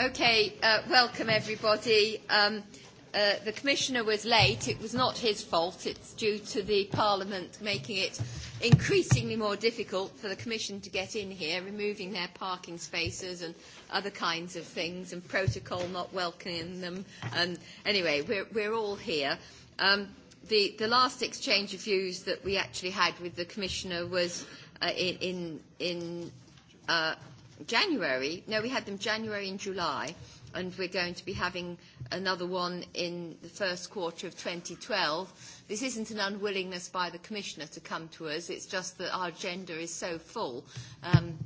Okay, uh, welcome everybody. Um, uh, the Commissioner was late. It was not his fault. It's due to the Parliament making it increasingly more difficult for the Commission to get in here, removing their parking spaces and other kinds of things, and protocol not welcoming them. And anyway, we're, we're all here. Um, the, the last exchange of views that we actually had with the Commissioner was uh, in, in, in uh, January, no, we had them January and July, and we're going to be having another one in the first quarter of 2012. This isn't an unwillingness by the Commissioner to come to us, it's just that our agenda is so full. Um,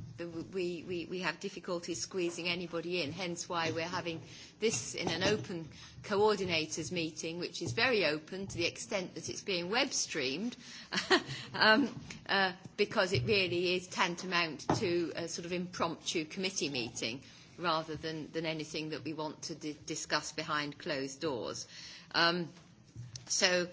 we, have difficulty squeezing anybody in, hence why we're having this in an open coordinators meeting, which is very open to the extent that it's being web streamed, um, uh, because it really is tantamount to a sort of impromptu committee meeting rather than, than anything that we want to di- discuss behind closed doors. Um, so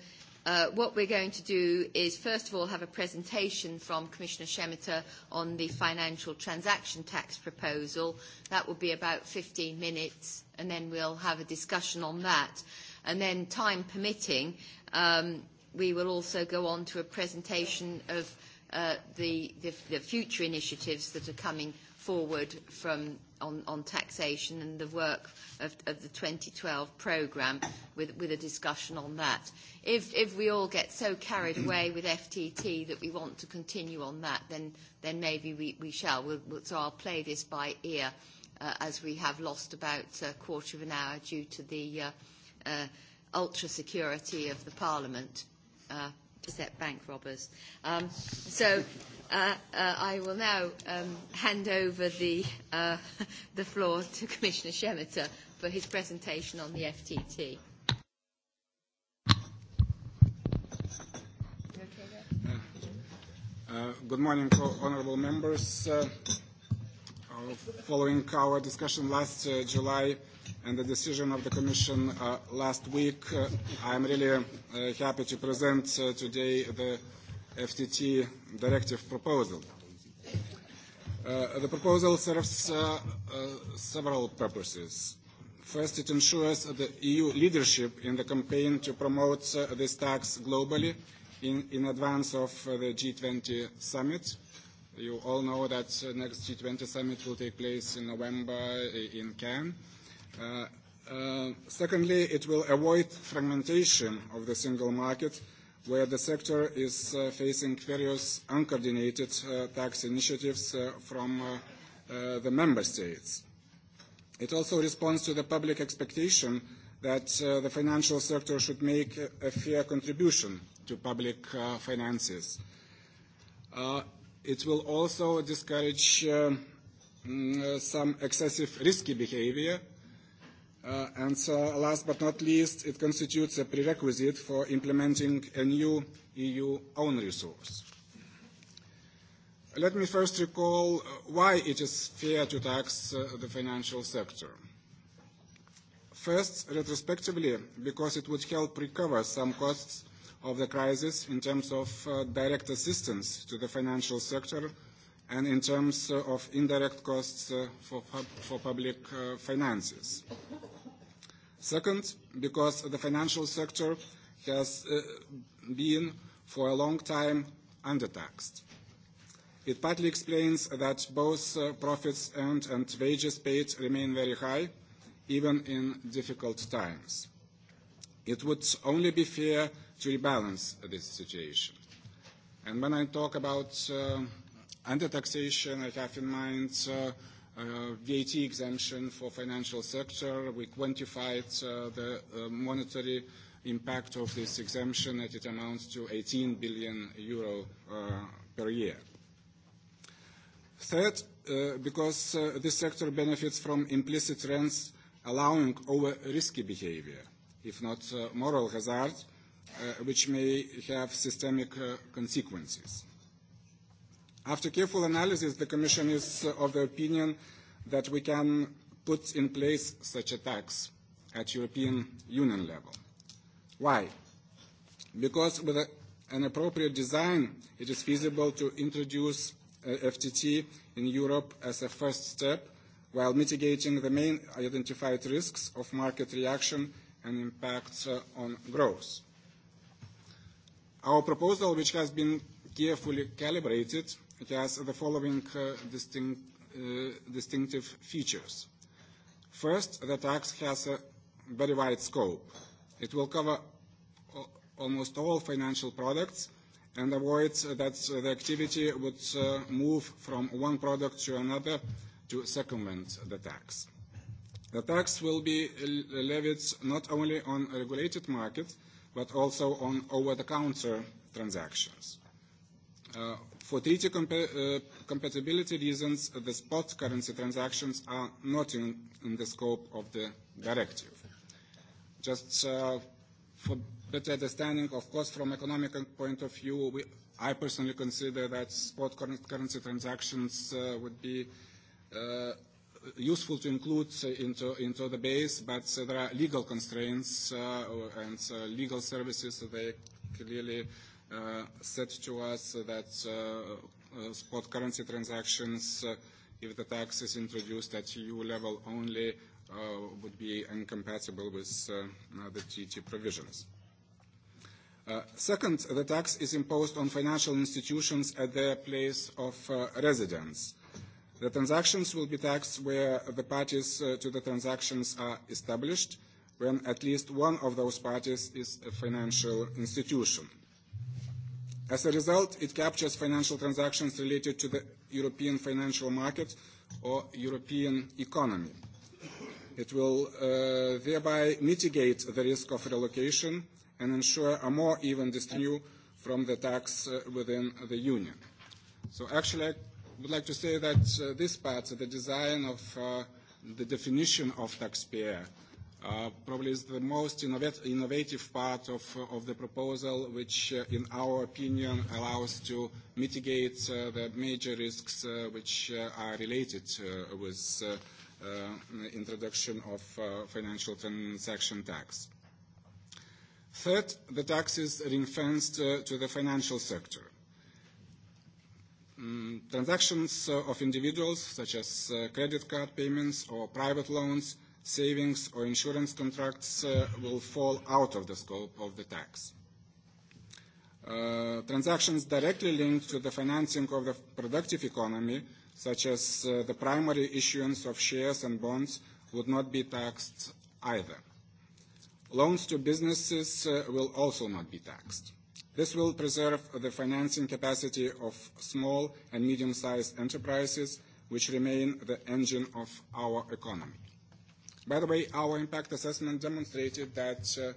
Uh, what we're going to do is, first of all, have a presentation from Commissioner Shemeter on the financial transaction tax proposal. That will be about 15 minutes, and then we'll have a discussion on that. And then, time permitting, um, we will also go on to a presentation of uh, the future initiatives that are coming forward from on, on taxation and the work of, of the 2012 programme with, with a discussion on that. If, if we all get so carried away with FTT that we want to continue on that, then, then maybe we, we shall. We'll, we'll, so I'll play this by ear uh, as we have lost about a quarter of an hour due to the uh, uh, ultra security of the Parliament. Uh, to set bank robbers. Um, so Uh, uh, I will now um, hand over the, uh, the floor to Commissioner Shemeter for his presentation on the FTT. good morning, honorable members. following our discussion last July and the decision of the Commission last week, I'm I am really happy to present today the FTT directive proposal. Uh, the proposal serves uh, uh, several purposes. First, it ensures the EU leadership in the campaign to promote uh, this tax globally in, in advance of uh, the G20 summit. You all know that uh, next G20 summit will take place in November in Cannes. Uh, uh, secondly, it will avoid fragmentation of the single market where the sector is uh, facing various uncoordinated uh, tax initiatives uh, from uh, uh, the member states. It also responds to the public expectation that uh, the financial sector should make a, a fair contribution to public uh, finances. Uh, it will also discourage uh, mm, uh some excessive risky behavior Uh, and so last but not least, it constitutes a prerequisite for implementing a new EU own resource. Let me first recall uh, why it is fair to tax uh, the financial sector. First, retrospectively, because it would help recover some costs of the crisis in terms of uh, direct assistance to the financial sector and in terms uh, of indirect costs uh, for, pub for public uh, finances. Second, because the financial sector has uh, been for a long time undertaxed. It partly explains that both uh, profits earned and wages paid remain very high, even in difficult times. It would only be fair to rebalance this situation. And when I talk about uh, undertaxation, I have in mind uh, Uh, VAT exemption for financial sector. We quantified uh, the uh, monetary impact of this exemption, and it amounts to 18 billion euro uh, per year. Third, uh, because this sector benefits from implicit trends allowing over risky behavior, if not moral hazard, which may have systemic consequences. After careful analysis, the Commission is of the opinion that we can put in place such a tax at European Union level. Why? Because with a, an appropriate design, it is feasible to introduce uh, FTT in Europe as a first step while mitigating the main identified risks of market reaction and impacts uh, on growth. Our proposal, which has been carefully calibrated, It has the following uh, distinct, uh, distinctive features. First, the tax has a very wide scope. It will cover almost all financial products and avoids that the activity would uh, move from one product to another to circumvent the tax. The tax will be levied not only on a regulated market, but also on over-the-counter transactions. Uh, for treaty compa uh, compatibility reasons, the spot currency transactions are not in, in the scope of the directive. Just uh, for better understanding, of course, from economic point of view, we, I personally consider that spot currency transactions uh, would be uh, useful to include uh, into, into the base, but uh, there are legal constraints uh, and uh, legal services, so they clearly uh, Uh, said to us that uh, uh, spot currency transactions, uh, if the tax is introduced at EU level only, uh, would be incompatible with uh, the TT provisions. Uh, second, the tax is imposed on financial institutions at their place of uh, residence. The transactions will be taxed where the parties uh, to the transactions are established, when at least one of those parties is a financial institution. As a result, it captures financial transactions related to the European financial market or European economy. It will uh, thereby mitigate the risk of relocation and ensure a more even distribution from the tax uh, within the union. So actually, I would like to say that uh, this part, the design of uh, the definition of taxpayer, Uh, probably is the most innovative part of, the proposal, which, uh, in our opinion, allows to mitigate uh, the major risks which are related with the introduction of financial transaction tax. Third, the tax is ring-fenced to the financial sector. Mm, transactions of individuals, such as credit card payments or private loans, savings or insurance contracts uh, will fall out of the scope of the tax. Uh, transactions directly linked to the financing of the productive economy, such as uh, the primary issuance of shares and bonds, would not be taxed either. Loans to businesses uh, will also not be taxed. This will preserve the financing capacity of small and medium-sized enterprises, which remain the engine of our economy. By the way, our impact assessment demonstrated that uh,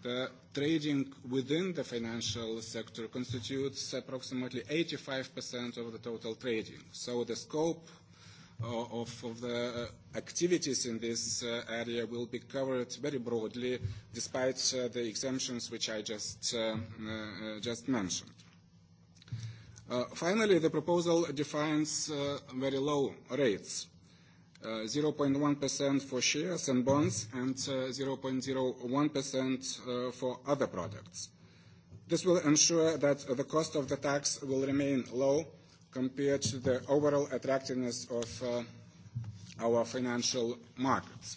the trading within the financial sector constitutes approximately 85% of the total trading. So the scope uh, of, of the uh, activities in this uh, area will be covered very broadly, despite the exemptions which I just, uh, uh, just mentioned. Uh, finally, the proposal defines very low rates 0.1% uh, for shares and bonds, and 0.01% uh, uh, for other products. This will ensure that the cost of the tax will remain low compared to the overall attractiveness of our financial markets.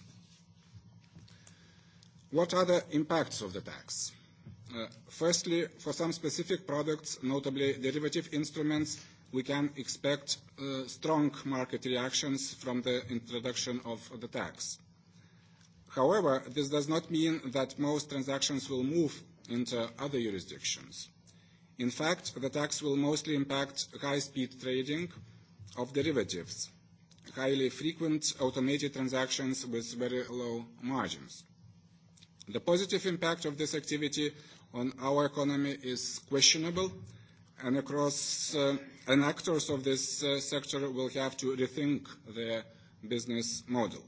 What are the impacts of the tax? firstly, for some specific products, notably derivative instruments, we can expect uh, strong market reactions from the introduction of the tax. However, this does not mean that most transactions will move into other jurisdictions. In fact, the tax will mostly impact high-speed trading of derivatives, highly frequent automated transactions with very low margins. The positive impact of this activity on our economy is questionable, and across uh, and actors of this uh, sector will have to rethink their business model.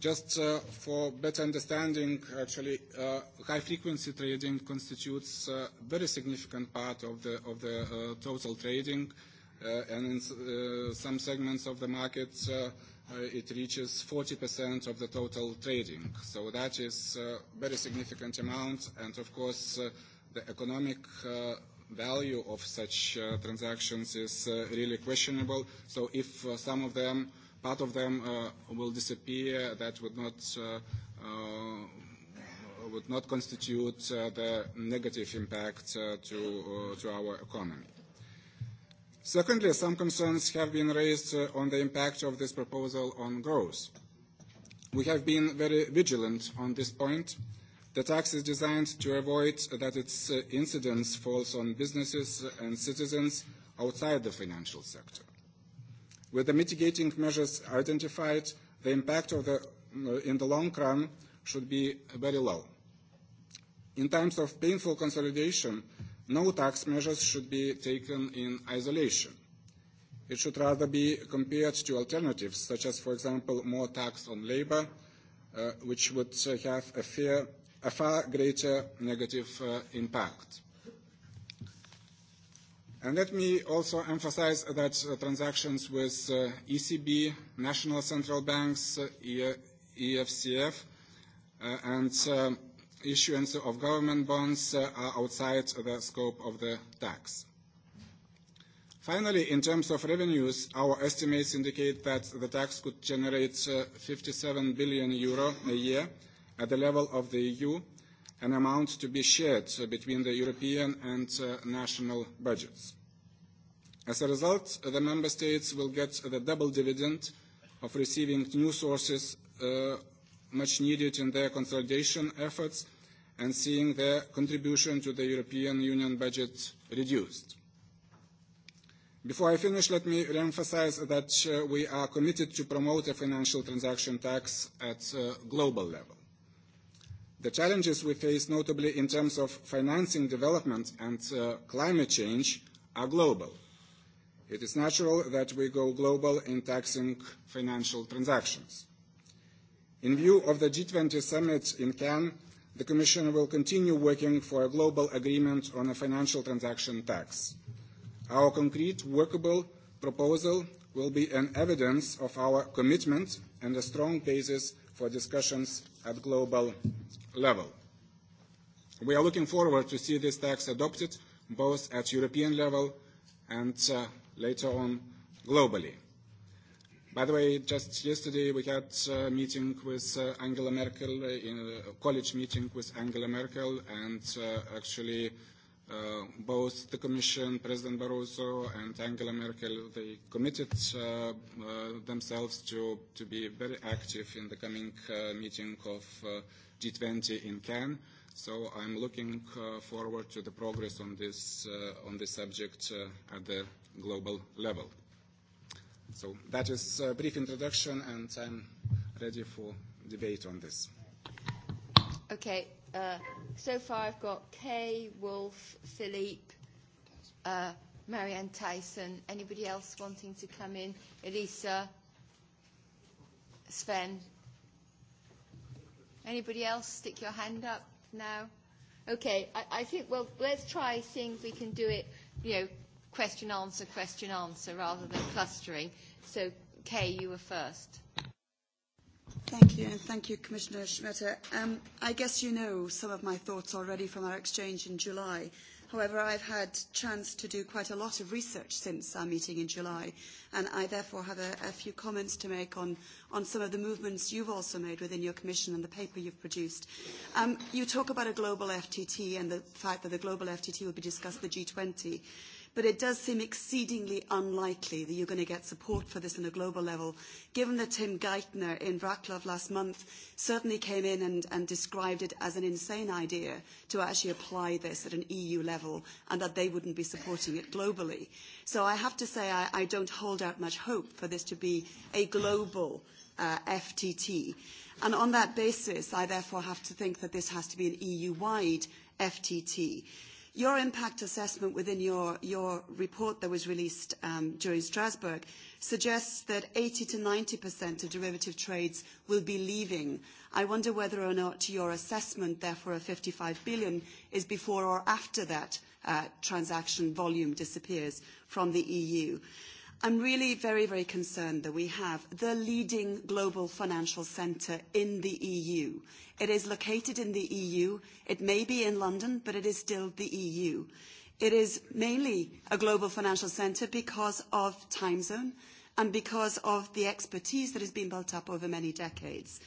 Just uh, for better understanding, actually, uh, high-frequency trading constitutes a uh, very significant part of the, of the uh, total trading, uh, and in uh, some segments of the market, uh, Uh, it reaches 40% of the total trading. So that is a uh, very significant amount, and of course, uh, the economic uh, value of such uh, transactions is uh, really questionable. So if uh, some of them, part of them uh, will disappear, that would not uh, uh, would not constitute uh, the negative impact uh, to, uh, to our economy. Secondly, some concerns have been raised uh, on the impact of this proposal on growth. We have been very vigilant on this point. Uh, The tax is designed to avoid that its uh, incidence falls on businesses and citizens outside the financial sector. With the mitigating measures identified, the impact of the, uh, in the long run should be very low. In times of painful consolidation, no tax measures should be taken in isolation. It should rather be compared to alternatives, such as, for example, more tax on labor, uh, which would uh, have a fair a far greater negative uh, impact. And let me also emphasize that uh, transactions with uh, ECB, national central banks, uh, e EFCF, e uh, and uh, issuance of government bonds uh, are outside the scope of the tax. Finally, in terms of revenues, our estimates indicate that the tax could generate uh, 57 billion euro a year, at the level of the EU an amount to be shared uh, between the European and uh, national budgets. As a result, the member states will get the double dividend of receiving new sources uh, much needed in their consolidation efforts and seeing their contribution to the European Union budget reduced. Before I finish, let me reemphasize that uh, we are committed to promote a financial transaction tax at uh, global level. The challenges we face, notably in terms of financing development and uh, climate change, are global. It is natural that we go global in taxing financial transactions. In view of the G20 summit in Cannes, the Commission will continue working for a global agreement on a financial transaction tax. Our concrete, workable proposal will be an evidence of our commitment and a strong basis for discussions at global level. We are looking forward to see this tax adopted both at European level and uh, later on globally. By the way, just yesterday we had a meeting with uh, Angela Merkel, uh, in a college meeting with Angela Merkel, and uh, actually Uh, both the Commission, President Barroso, and Angela Merkel, they committed uh, uh, themselves to, to be very active in the coming uh, meeting of uh, G20 in Cannes. So I'm looking uh, forward to the progress on this, uh, on this subject uh, at the global level. So that is a brief introduction, and I'm ready for debate on this. Okay. Uh, so far, I've got Kay, Wolf, Philippe, uh, Marianne Tyson. Anybody else wanting to come in? Elisa, Sven. Anybody else stick your hand up now? Okay, I, I think, well, let's try seeing if we can do it, you know, question answer, question answer rather than clustering. So, Kay, you were first. Thank you, and thank you, Commissioner Schmetter. Um, I guess you know some of my thoughts already from our exchange in July. However, I've had chance to do quite a lot of research since our meeting in July, and I therefore have a, few comments to make on, some of the movements you've also made within your commission and the paper you've produced. Um, you talk about a global FTT and the fact that the global FTT will be discussed at the G20 but it does seem exceedingly unlikely that you're going to get support for this on a global level, given that Tim Geithner in Bratislava last month certainly came in and, and described it as an insane idea to actually apply this at an EU level and that they wouldn't be supporting it globally. So I have to say I, I don't hold out much hope for this to be a global uh, FTT. And on that basis, I therefore have to think that this has to be an EU-wide FTT. Your impact assessment within your, your report that was released um, during Strasbourg suggests that 80 to 90% of derivative trades will be leaving. I wonder whether or not your assessment, therefore, of 55 billion is before or after that uh, transaction volume disappears from the EU. I'm really very, very concerned that we have the leading global financial centre in the EU. It is located in the EU. It may be in London, but it is still the EU. It is mainly a global financial centre because of time zone and because of the expertise that has been built up over many decades.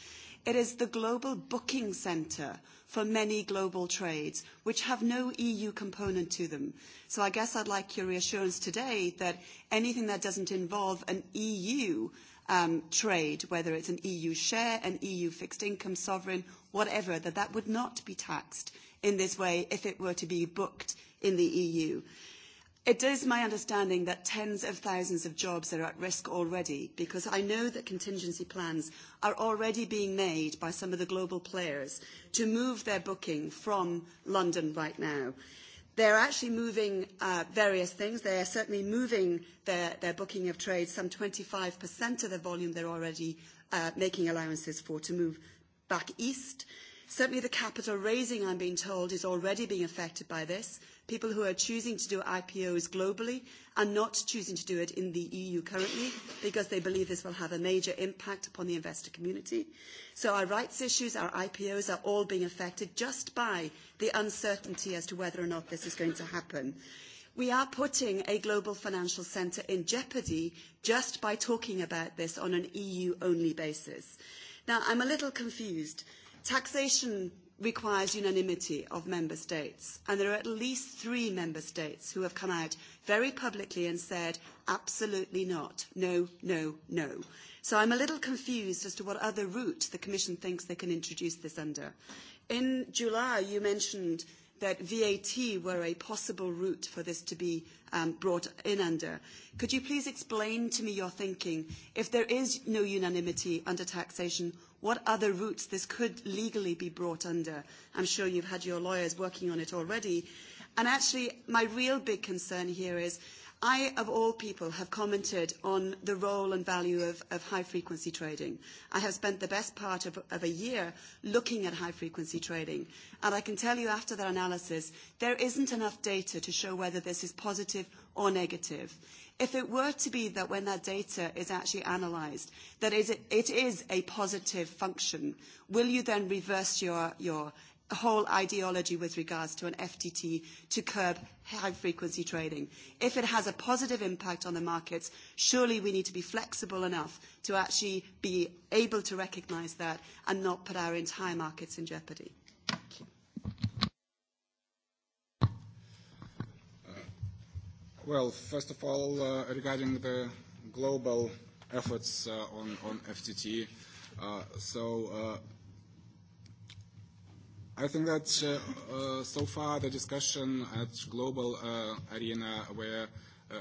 It is the global booking centre for many global trades, which have no EU component to them. So I guess I'd like your reassurance today that anything that doesn't involve an EU um, trade, whether it's an EU share, an EU fixed income sovereign, whatever, that that would not be taxed in this way if it were to be booked in the EU. It is my understanding that tens of thousands of jobs are at risk already because I know that contingency plans are already being made by some of the global players to move their booking from London right now. They're actually moving uh, various things. They are certainly moving their, their booking of trade, some 25% of the volume they're already uh, making allowances for, to move back east. Certainly the capital raising, I'm being told, is already being affected by this. People who are choosing to do IPOs globally are not choosing to do it in the EU currently because they believe this will have a major impact upon the investor community. So our rights issues, our IPOs are all being affected just by the uncertainty as to whether or not this is going to happen. We are putting a global financial centre in jeopardy just by talking about this on an EU-only basis. Now, I'm a little confused Taxation requires unanimity of member states, and there are at least three member states who have come out very publicly and said, absolutely not, no, no, no. So I'm a little confused as to what other route the Commission thinks they can introduce this under. In July, you mentioned that VAT were a possible route for this to be um, brought in under. Could you please explain to me your thinking? If there is no unanimity under taxation, what other routes this could legally be brought under? I'm sure you've had your lawyers working on it already. And actually, my real big concern here is i, of all people, have commented on the role and value of, of high-frequency trading. I have spent the best part of, of a year looking at high-frequency trading, and I can tell you after that analysis, there isn't enough data to show whether this is positive or negative. If it were to be that when that data is actually analysed, that it is a positive function, will you then reverse your, your whole ideology with regards to an FTT to curb high frequency trading. If it has a positive impact on the markets, surely we need to be flexible enough to actually be able to recognise that and not put our entire markets in jeopardy. Uh, well, first of all, uh, regarding the global efforts uh, on, on FTT, uh, so uh, i think that uh, uh, so far the discussion at global uh, arena were uh,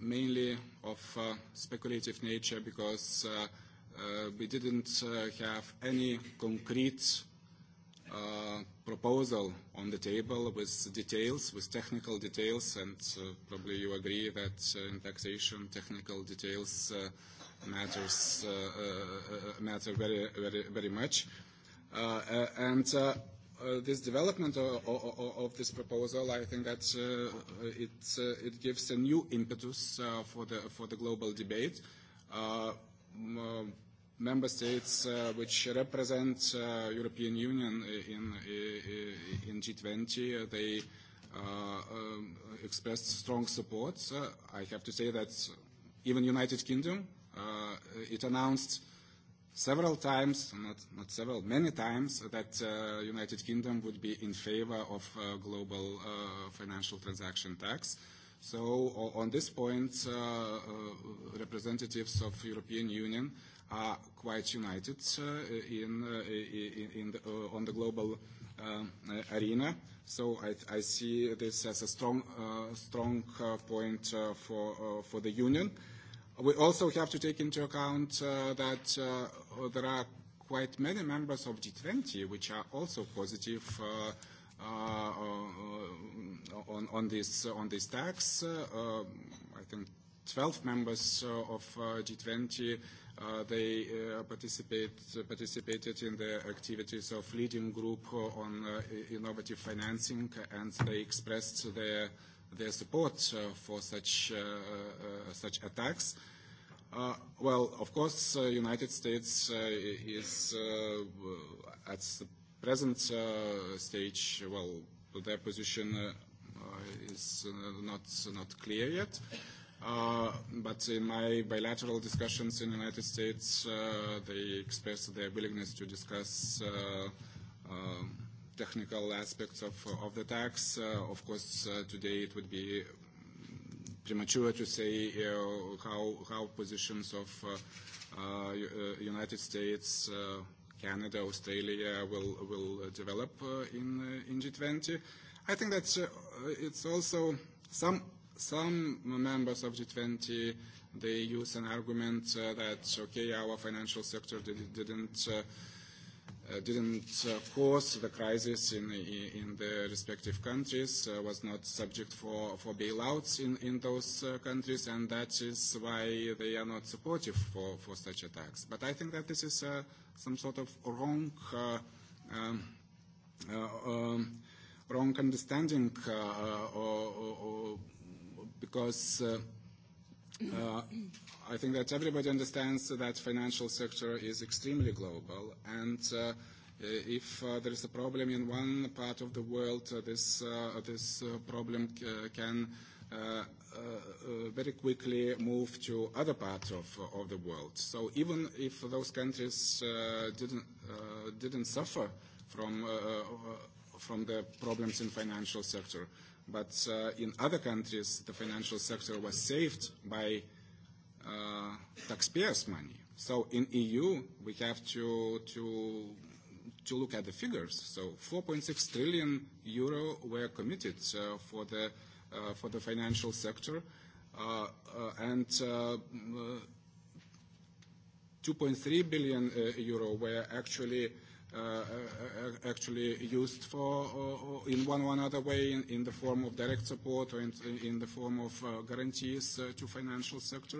mainly of uh, speculative nature because uh, uh, we didn't uh, have any concrete uh, proposal on the table with details, with technical details, and uh, probably you agree that uh, in taxation technical details uh, matters uh, uh, uh, uh matter very, very, very much. Uh, uh, and uh, uh, this development of, of, of this proposal, I think that uh, uh it, uh, it gives a new impetus uh, for, the, for the global debate. Uh, uh member states uh, which represent uh, European Union in, in G20, uh, they uh, um, expressed strong support. Uh, I have to say that even United Kingdom, uh, it announced several times, not, not several, many times, that uh, United Kingdom would be in favor of uh, global uh, financial transaction tax. So on this point, uh, uh, representatives of European Union are quite united uh, in, uh, in, in the, uh, on the global uh, arena. So I, I see this as a strong, uh, strong uh, point uh, for, uh, for the Union. Uh, We also have to take into account uh, that uh, oh, there are quite many members of G20 which are also positive uh, uh, uh on, on, this, uh, on this tax. Uh, uh I think 12 members uh, of uh, G20 uh, they uh, participate, participated in the activities of leading group on uh, innovative financing and they expressed their uh, their support uh, for such, uh, uh, uh, such attacks. Uh, well, of course, uh, United States uh, is uh, at the present uh, stage, well, their position uh, uh, is uh, not, not clear yet. Uh, but in my bilateral discussions in the United States, uh, they expressed their willingness to discuss uh, um, technical aspects of, of the tax. Uh, of course, uh, today it would be premature to say uh, how, how positions of uh, uh, United States, uh, Canada, Australia will, will develop uh, in, uh, in G20. I think that uh, it's also some, some members of G20 they use an argument uh, that okay our financial sector did, didn't uh, uh, didn't uh, cause the crisis in, in the respective countries, uh, was not subject for, for bailouts in, in those uh, countries, and that is why they are not supportive for, for such attacks. But I think that this is uh, some sort of wrong, uh, um, uh, um, wrong understanding, uh, uh or, or, or because uh, Uh, I think that everybody understands that financial sector is extremely global, and uh, if uh, there is a problem in one part of the world, uh, this, uh, this uh, problem c- uh, can uh, uh, uh, very quickly move to other parts of, uh, of the world. So even if those countries uh, didn't, uh, didn't suffer from, uh, from the problems in financial sector, But uh, in other countries, the financial sector was saved by uh, taxpayers' money. So in EU, we have to, to, to look at the figures. So 4.6 trillion euro were committed uh, for, the, uh, for the financial sector. Uh, uh, and uh, 2.3 uh, billion uh, euro were actually uh, actually used for uh, uh, in one or another way in, in the form of direct support or in, in the form of uh, guarantees uh, to financial sector.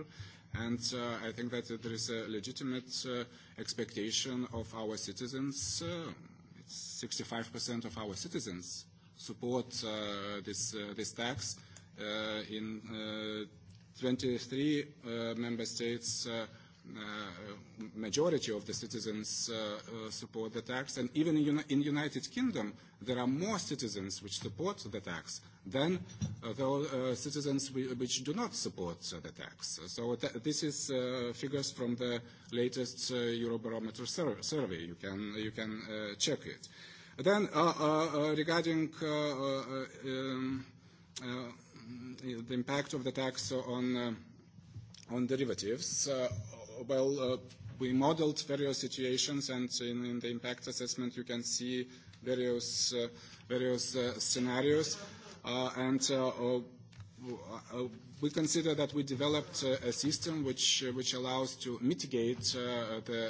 And uh, I think that there is a legitimate uh, expectation of our citizens. Uh, it's 65% of our citizens support uh, this, uh, this tax. Uh, in uh, 23 uh, member states, uh, uh, majority of the citizens uh, uh, support the tax, and even in, in United Kingdom, there are more citizens which support the tax than uh, the uh, citizens which do not support uh, the tax. So th- this is uh, figures from the latest uh, Eurobarometer sur- survey. You can you can uh, check it. Then uh, uh, uh, regarding uh, uh, um, uh, the impact of the tax on uh, on derivatives. Uh, Uh, well, uh, we modeled various situations, and in, in the impact assessment, you can see various, uh, various uh, scenarios. Uh, and uh, uh, uh, uh we consider that we developed uh, a system which, uh, which allows to mitigate uh, the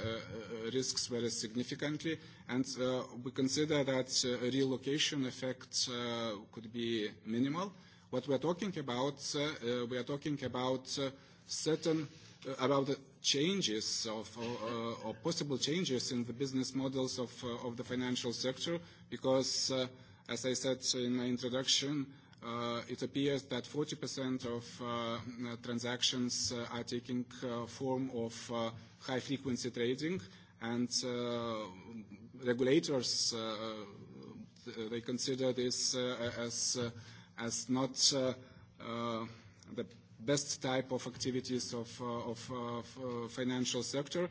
uh, risks very significantly, and uh, we consider that uh, relocation effect uh, could be minimal. What we are talking about, uh, uh, we are talking about uh, certain, uh, about changes of, uh, uh, or possible changes in the business models of, uh, of the financial sector because, uh, as I said in my introduction, uh, it appears that 40% of uh, transactions uh, are taking uh, form of uh, high-frequency trading, and uh, regulators uh, uh, they consider this uh, as uh, as not uh, uh, the best type of activities of, uh, of, uh, of uh, financial sector.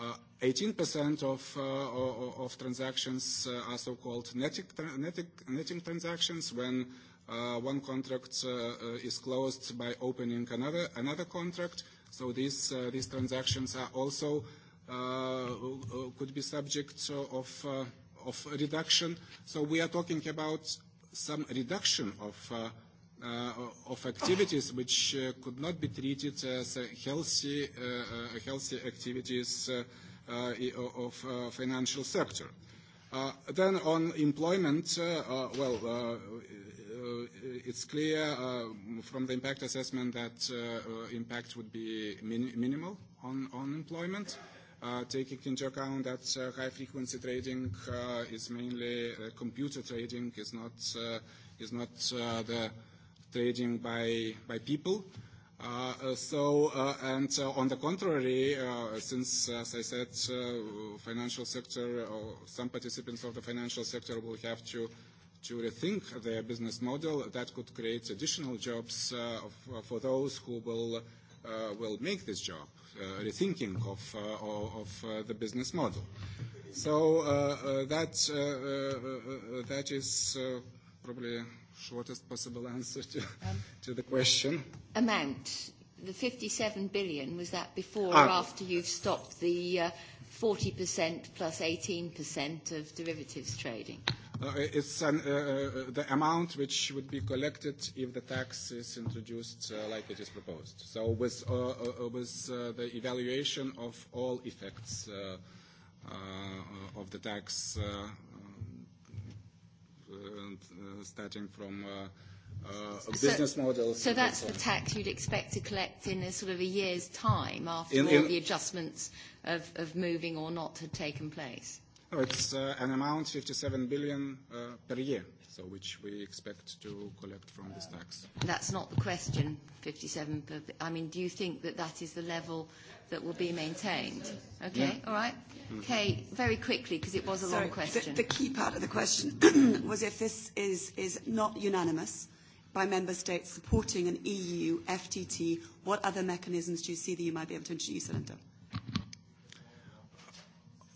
Uh, 18% of, uh, of transactions uh, are so-called netting, netting, netting transactions when uh, one contract uh, uh, is closed by opening another, another contract. So these, uh, these transactions are also uh, uh could be subject of, uh, of reduction. So we are talking about some reduction of uh, uh, of activities which uh, could not be treated as healthy, uh, uh healthy activities uh, uh of uh, financial sector. Uh, then on employment, uh, uh, well, uh, uh, it's clear uh, from the impact assessment that uh, uh impact would be min minimal on, on employment. Uh, taking into account that uh, high-frequency trading uh, is mainly uh, computer trading, is not uh, is not uh, the trading by, by people. Uh, uh, so, uh, and uh, on the contrary, uh, since, as I said, uh, financial sector or uh, some participants of the financial sector will have to to rethink their business model, that could create additional jobs uh, of, uh, for those who will uh, will make this job, uh, rethinking of uh, of uh, the business model. So uh, uh, that uh, uh, uh, that is uh, probably shortest possible answer to, um, to the question. Amount. The 57 billion, was that before ah. or after you've stopped the uh, 40% plus 18% of derivatives trading? Uh, it's an, uh, uh, uh, the amount which would be collected if the tax is introduced uh, like it is proposed. So with, uh, with the evaluation of all effects of the tax Uh, starting from uh, uh, a so, business model. So that's the tax you'd expect to collect in a sort of a year's time after in, all in, the adjustments of, of moving or not had taken place? Oh, it's uh, an amount 57 billion uh, per year so which we expect to collect from this tax. That's not the question, 57. Per, I mean, do you think that that is the level that will be maintained? Okay, yeah. all right. Mm-hmm. Okay, very quickly, because it was a Sorry, long question. The, the key part of the question was if this is, is not unanimous by member states supporting an EU FTT, what other mechanisms do you see that you might be able to introduce, Linda?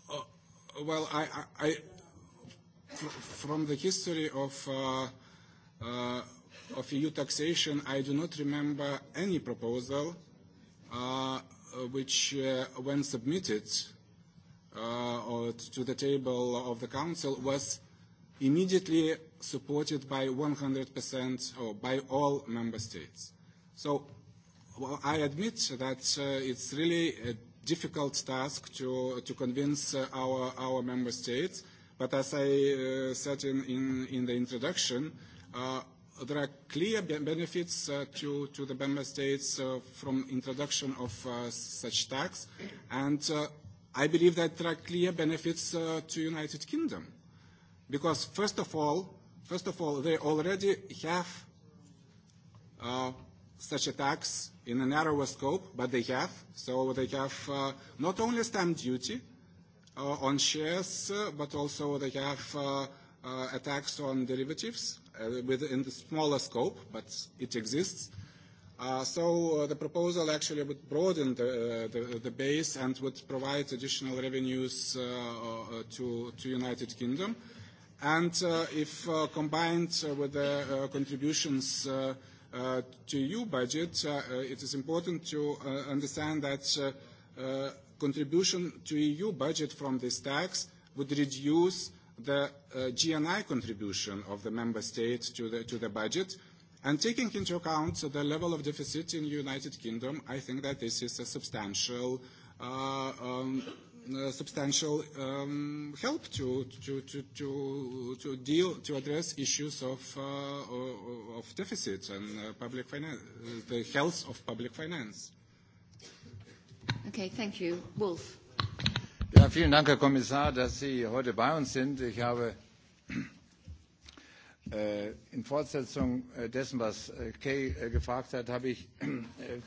Uh, well, I, I, I from the history of, uh, uh, of EU taxation, I do not remember any proposal uh, which, uh, when submitted uh, or to the table of the Council, was immediately supported by 100% or by all member states. So well, I admit that uh, it's really a difficult task to, to convince uh, our, our member states But as I uh, said in, in, in the introduction, uh, there are clear benefits uh, to, to the member states uh, from introduction of uh, such tax, and uh, I believe that there are clear benefits uh, to United Kingdom, because first of all, first of all, they already have uh, such a tax in a narrower scope, but they have. So they have uh, not only stamp duty, uh, on shares, uh, but also they have uh, uh, a tax on derivatives uh, within the smaller scope, but it exists. Uh, so uh, the proposal actually would broaden the, uh, the, the base and would provide additional revenues uh, uh to, to United Kingdom. And uh, if uh, combined uh, with the uh, contributions uh, uh, to EU budget, uh, it is important to uh, understand that uh, uh, contribution to EU budget from this tax would reduce the uh, GNI contribution of the member states to the, to the budget. And taking into account the level of deficit in the United Kingdom, I think that this is a substantial, uh, um, substantial um, help to, to, to, to, to deal, to address issues of, uh, of deficit and uh, public finance, the health of public finance vielen Dank, Herr Kommissar, dass Sie heute bei uns sind. Ich habe äh, in Fortsetzung äh, dessen, was äh, Kay gefragt hat, habe ich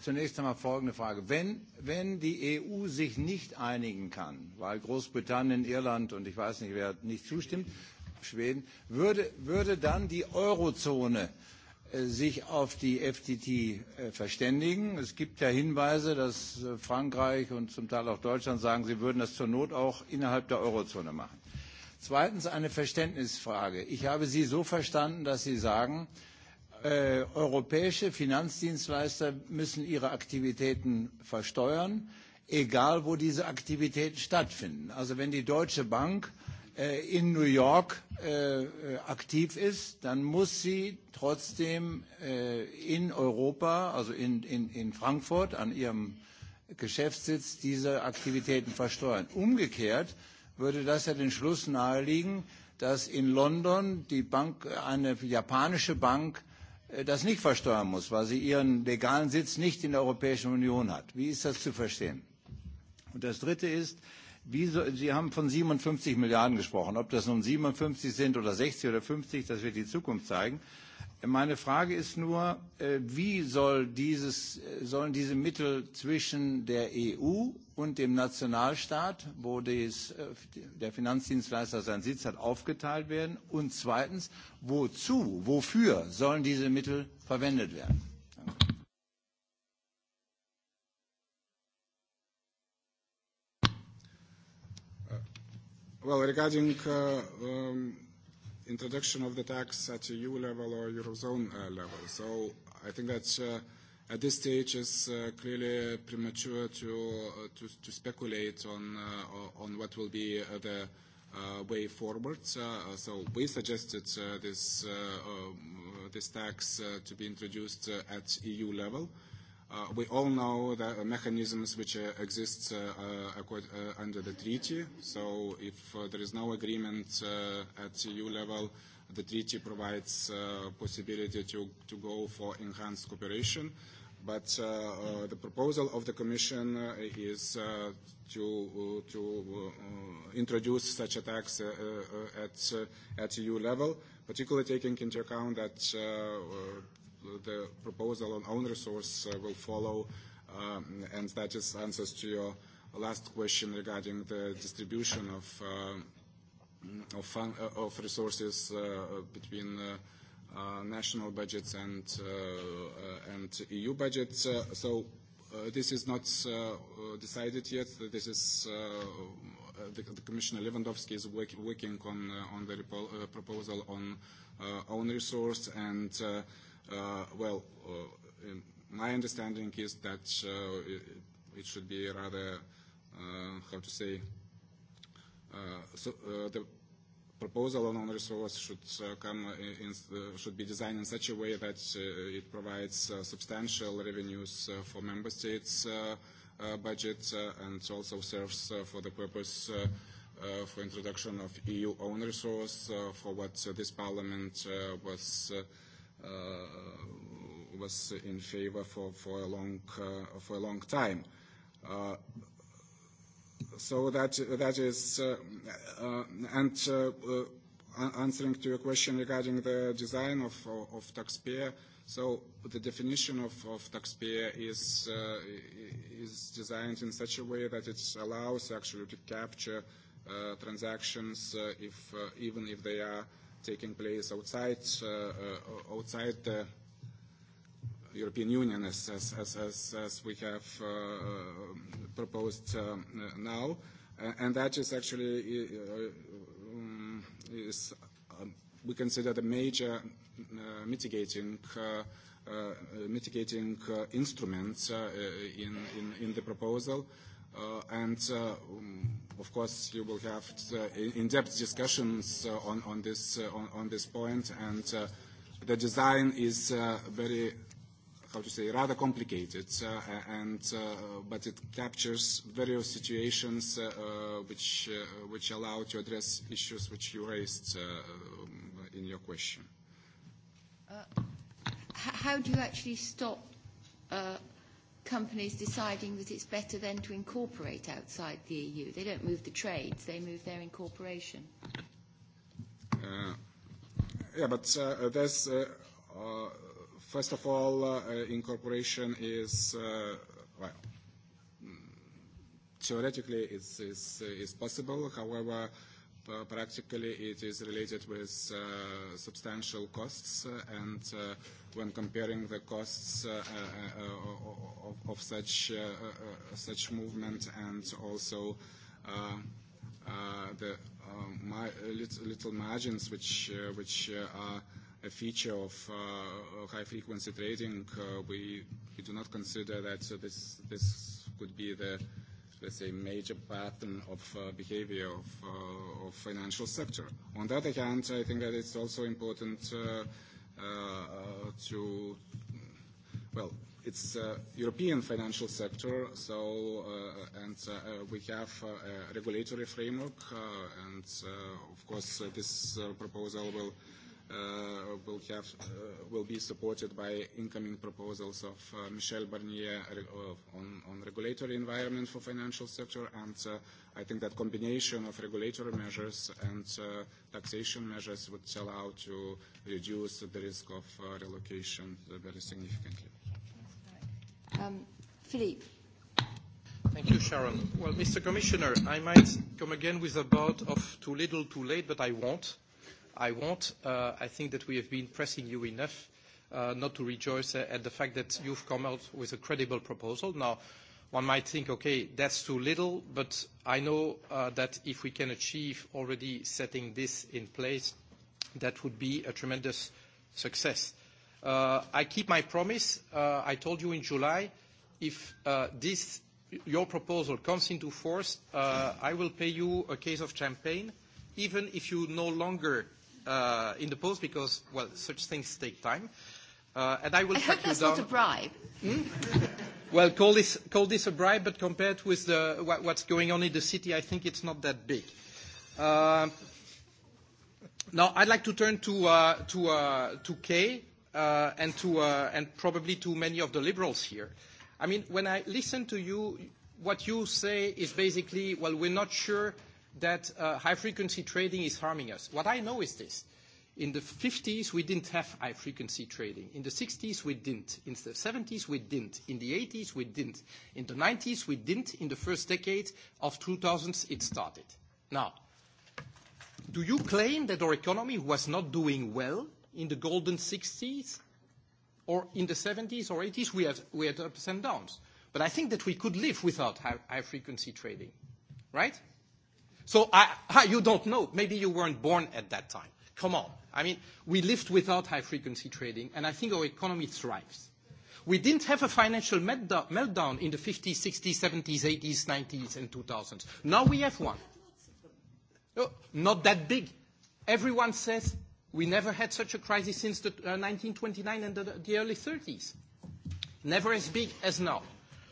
zunächst einmal folgende Frage. Wenn, wenn die EU sich nicht einigen kann, weil Großbritannien, Irland und ich weiß nicht, wer nicht zustimmt, Schweden, würde, würde dann die Eurozone Äh, sich auf die FTT äh, verständigen. Es gibt ja Hinweise, dass äh, Frankreich und zum Teil auch Deutschland sagen, sie würden das zur Not auch innerhalb der Eurozone machen. Zweitens eine Verständnisfrage. Ich habe Sie so verstanden, dass Sie sagen, äh, europäische Finanzdienstleister müssen ihre Aktivitäten versteuern, egal wo diese Aktivitäten stattfinden. Also wenn die Deutsche Bank äh, Äh, in New York äh, aktiv ist, dann muss sie trotzdem äh, in Europa, also in, in, in Frankfurt an ihrem Geschäftssitz diese Aktivitäten versteuern. Umgekehrt würde das ja den Schluss naheliegen, dass in London die Bank, eine japanische Bank das nicht versteuern muss, weil sie ihren legalen Sitz nicht in der Europäischen Union hat. Wie ist das zu verstehen? Und das Dritte ist, äh, wie so, Sie haben von 57 Milliarden gesprochen. Ob das nun 57 sind oder 60 oder 50, das wird die Zukunft zeigen. Meine Frage ist nur, äh, wie soll dieses, äh, sollen diese Mittel zwischen der EU und dem Nationalstaat, wo dies, äh, der Finanzdienstleister seinen Sitz hat, aufgeteilt werden? Und zweitens, wozu, wofür sollen diese Mittel verwendet werden? Well, regarding uh, um, introduction of the tax at EU level or Eurozone uh, level, so I think that uh, at this stage it's uh, clearly premature to, uh, to, to speculate on, uh, on what will be uh, the uh, way forward. Uh, so we suggested uh, this, uh, um, uh, this tax uh, to be introduced uh, at EU level. Uh, Uh, we all know the uh, mechanisms which uh, exist uh, uh, uh, under the treaty. So if uh, there is no agreement uh, at EU level, the treaty provides uh, possibility to, to go for enhanced cooperation. But uh, uh, the proposal of the Commission uh, is uh, to, uh, to uh, introduce such a tax uh, uh, at, uh, at EU level, particularly taking into account that uh, uh, the proposal on own resource uh, will follow, um, and that is answers to your last question regarding the distribution of uh, of, fun, uh, of resources uh, between uh, uh, national budgets and uh, uh and EU budgets. Uh, so uh, this is not uh, uh, decided yet. This is. Uh, the, the Commissioner Lewandowski is work, working on uh, on the repo, uh, proposal on uh, own resource and uh, Uh, well, uh, in my understanding is that uh, it, it should be rather, uh, how to say, uh, so, uh, the proposal on own resource should uh, come in, uh, should be designed in such a way that uh, it provides uh, substantial revenues uh, for member states' uh, uh, budget uh, and also serves uh, for the purpose. Uh, uh, for introduction of EU own resource, uh, for what uh, this parliament uh, was uh, uh, was in favor for, for, a, long, uh, for a long time. Uh, so that, that is, uh, uh, and uh, uh, answering to your question regarding the design of, of, of taxpayer, so the definition of, of taxpayer is, uh, is designed in such a way that it allows actually to capture uh, transactions uh, if, uh, even if they are taking place outside uh, uh, outside the European Union as, as, as, as, as we have uh, proposed um, now. Uh, and that is actually, uh, um, is, um, we consider the major uh, mitigating, uh, uh, mitigating uh, instruments uh, in, in, in the proposal. Uh, Uh, and uh, um, of course, you will have uh, in-depth discussions uh, on, on, this, uh, on, on this point. And the design is very, how to say, rather complicated, and but it captures various situations which, which allow to address issues which you raised um, in your question. How do you actually stop companies deciding that it's better then to incorporate outside the EU. They don't move the trades, they move their incorporation. Uh, yeah, but uh, there's, uh, uh, first of all, uh, uh incorporation is, uh, well, mm, theoretically it's, it's, it's possible. However, Uh, practically it is related with uh, substantial costs, uh, and uh, when comparing the costs uh, uh, uh, of, of such uh, uh, uh, such movement and also uh, uh, the uh, my, little, little margins which uh, which uh, are a feature of uh, high-frequency trading, uh, we, we do not consider that so this this could be the uh, let's say, major pattern of uh, behavior of, uh, of financial sector. On the other hand, I think that it's also important uh, uh, to, well, it's uh, European financial sector, so uh, and uh, we have uh, a regulatory framework, uh, and uh, of course uh, this uh, proposal will uh, will have uh, will be supported by incoming proposals of uh, Michel Barnier uh, on, on regulatory environment for financial sector, and uh, I think that combination of regulatory measures and uh, taxation measures would allow to reduce the risk of uh, relocation uh, very significantly. Um, Philippe. Thank you, Sharon. Well, Mr. Commissioner, I might come again with a bout of too little, too late, but I won't i want. Uh, I think that we have been pressing you enough uh, not to rejoice at the fact that you've come out with a credible proposal. Now, one might think, okay, that's too little, but I know uh, that if we can achieve already setting this in place, that would be a tremendous success. Uh, I keep my promise. Uh, I told you in July, if uh, this, your proposal comes into force, uh, I will pay you a case of champagne, even if you no longer uh, in the post because, well, such things take time. Uh, and I will I hope that's down. not a bribe. Hmm? well, call this, call this a bribe, but compared with the, what, what's going on in the city, I think it's not that big. Uh, now, I'd like to turn to, uh, to, uh, to Kay uh, and, to, uh, and probably to many of the liberals here. I mean, when I listen to you, what you say is basically, well, we're not sure that uh, high-frequency trading is harming us. What I know is this. In the 50s, we didn't have high-frequency trading. In the 60s, we didn't. In the 70s, we didn't. In the 80s, we didn't. In the 90s, we didn't. In the first decade of 2000s, it started. Now, do you claim that our economy was not doing well in the golden 60s or in the 70s or 80s? We had, we had ups and downs. But I think that we could live without high-frequency trading, right? So I, I, you don't know. Maybe you weren't born at that time. Come on. I mean, we lived without high frequency trading, and I think our economy thrives. We didn't have a financial meltdown in the 50s, 60s, 70s, 80s, 90s, and 2000s. Now we have one. No, not that big. Everyone says we never had such a crisis since the, uh, 1929 and the, the early 30s. Never as big as now.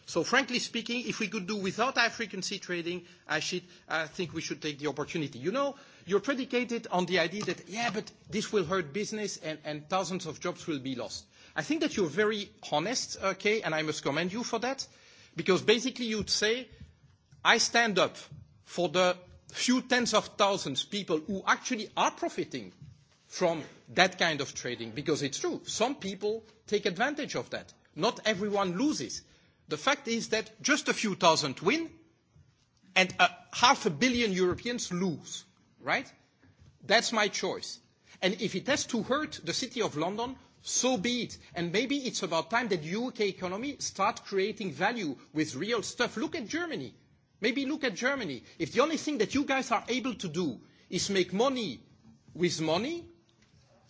So frankly speaking, if we could do without high frequency trading, I, should, I think we should take the opportunity. You know, you're predicated on the idea that, yeah, but this will hurt business and, and thousands of jobs will be lost. I think that you're very honest, okay, uh, and I must commend you for that, because basically you'd say, I stand up for the few tens of thousands people who actually are profiting from that kind of trading, because it's true. Some people take advantage of that. Not everyone loses. The fact is that just a few thousand win and a half a billion Europeans lose, right? That's my choice. And if it has to hurt the city of London, so be it. And maybe it's about time that UK economy start creating value with real stuff. Look at Germany. Maybe look at Germany. If the only thing that you guys are able to do is make money with money,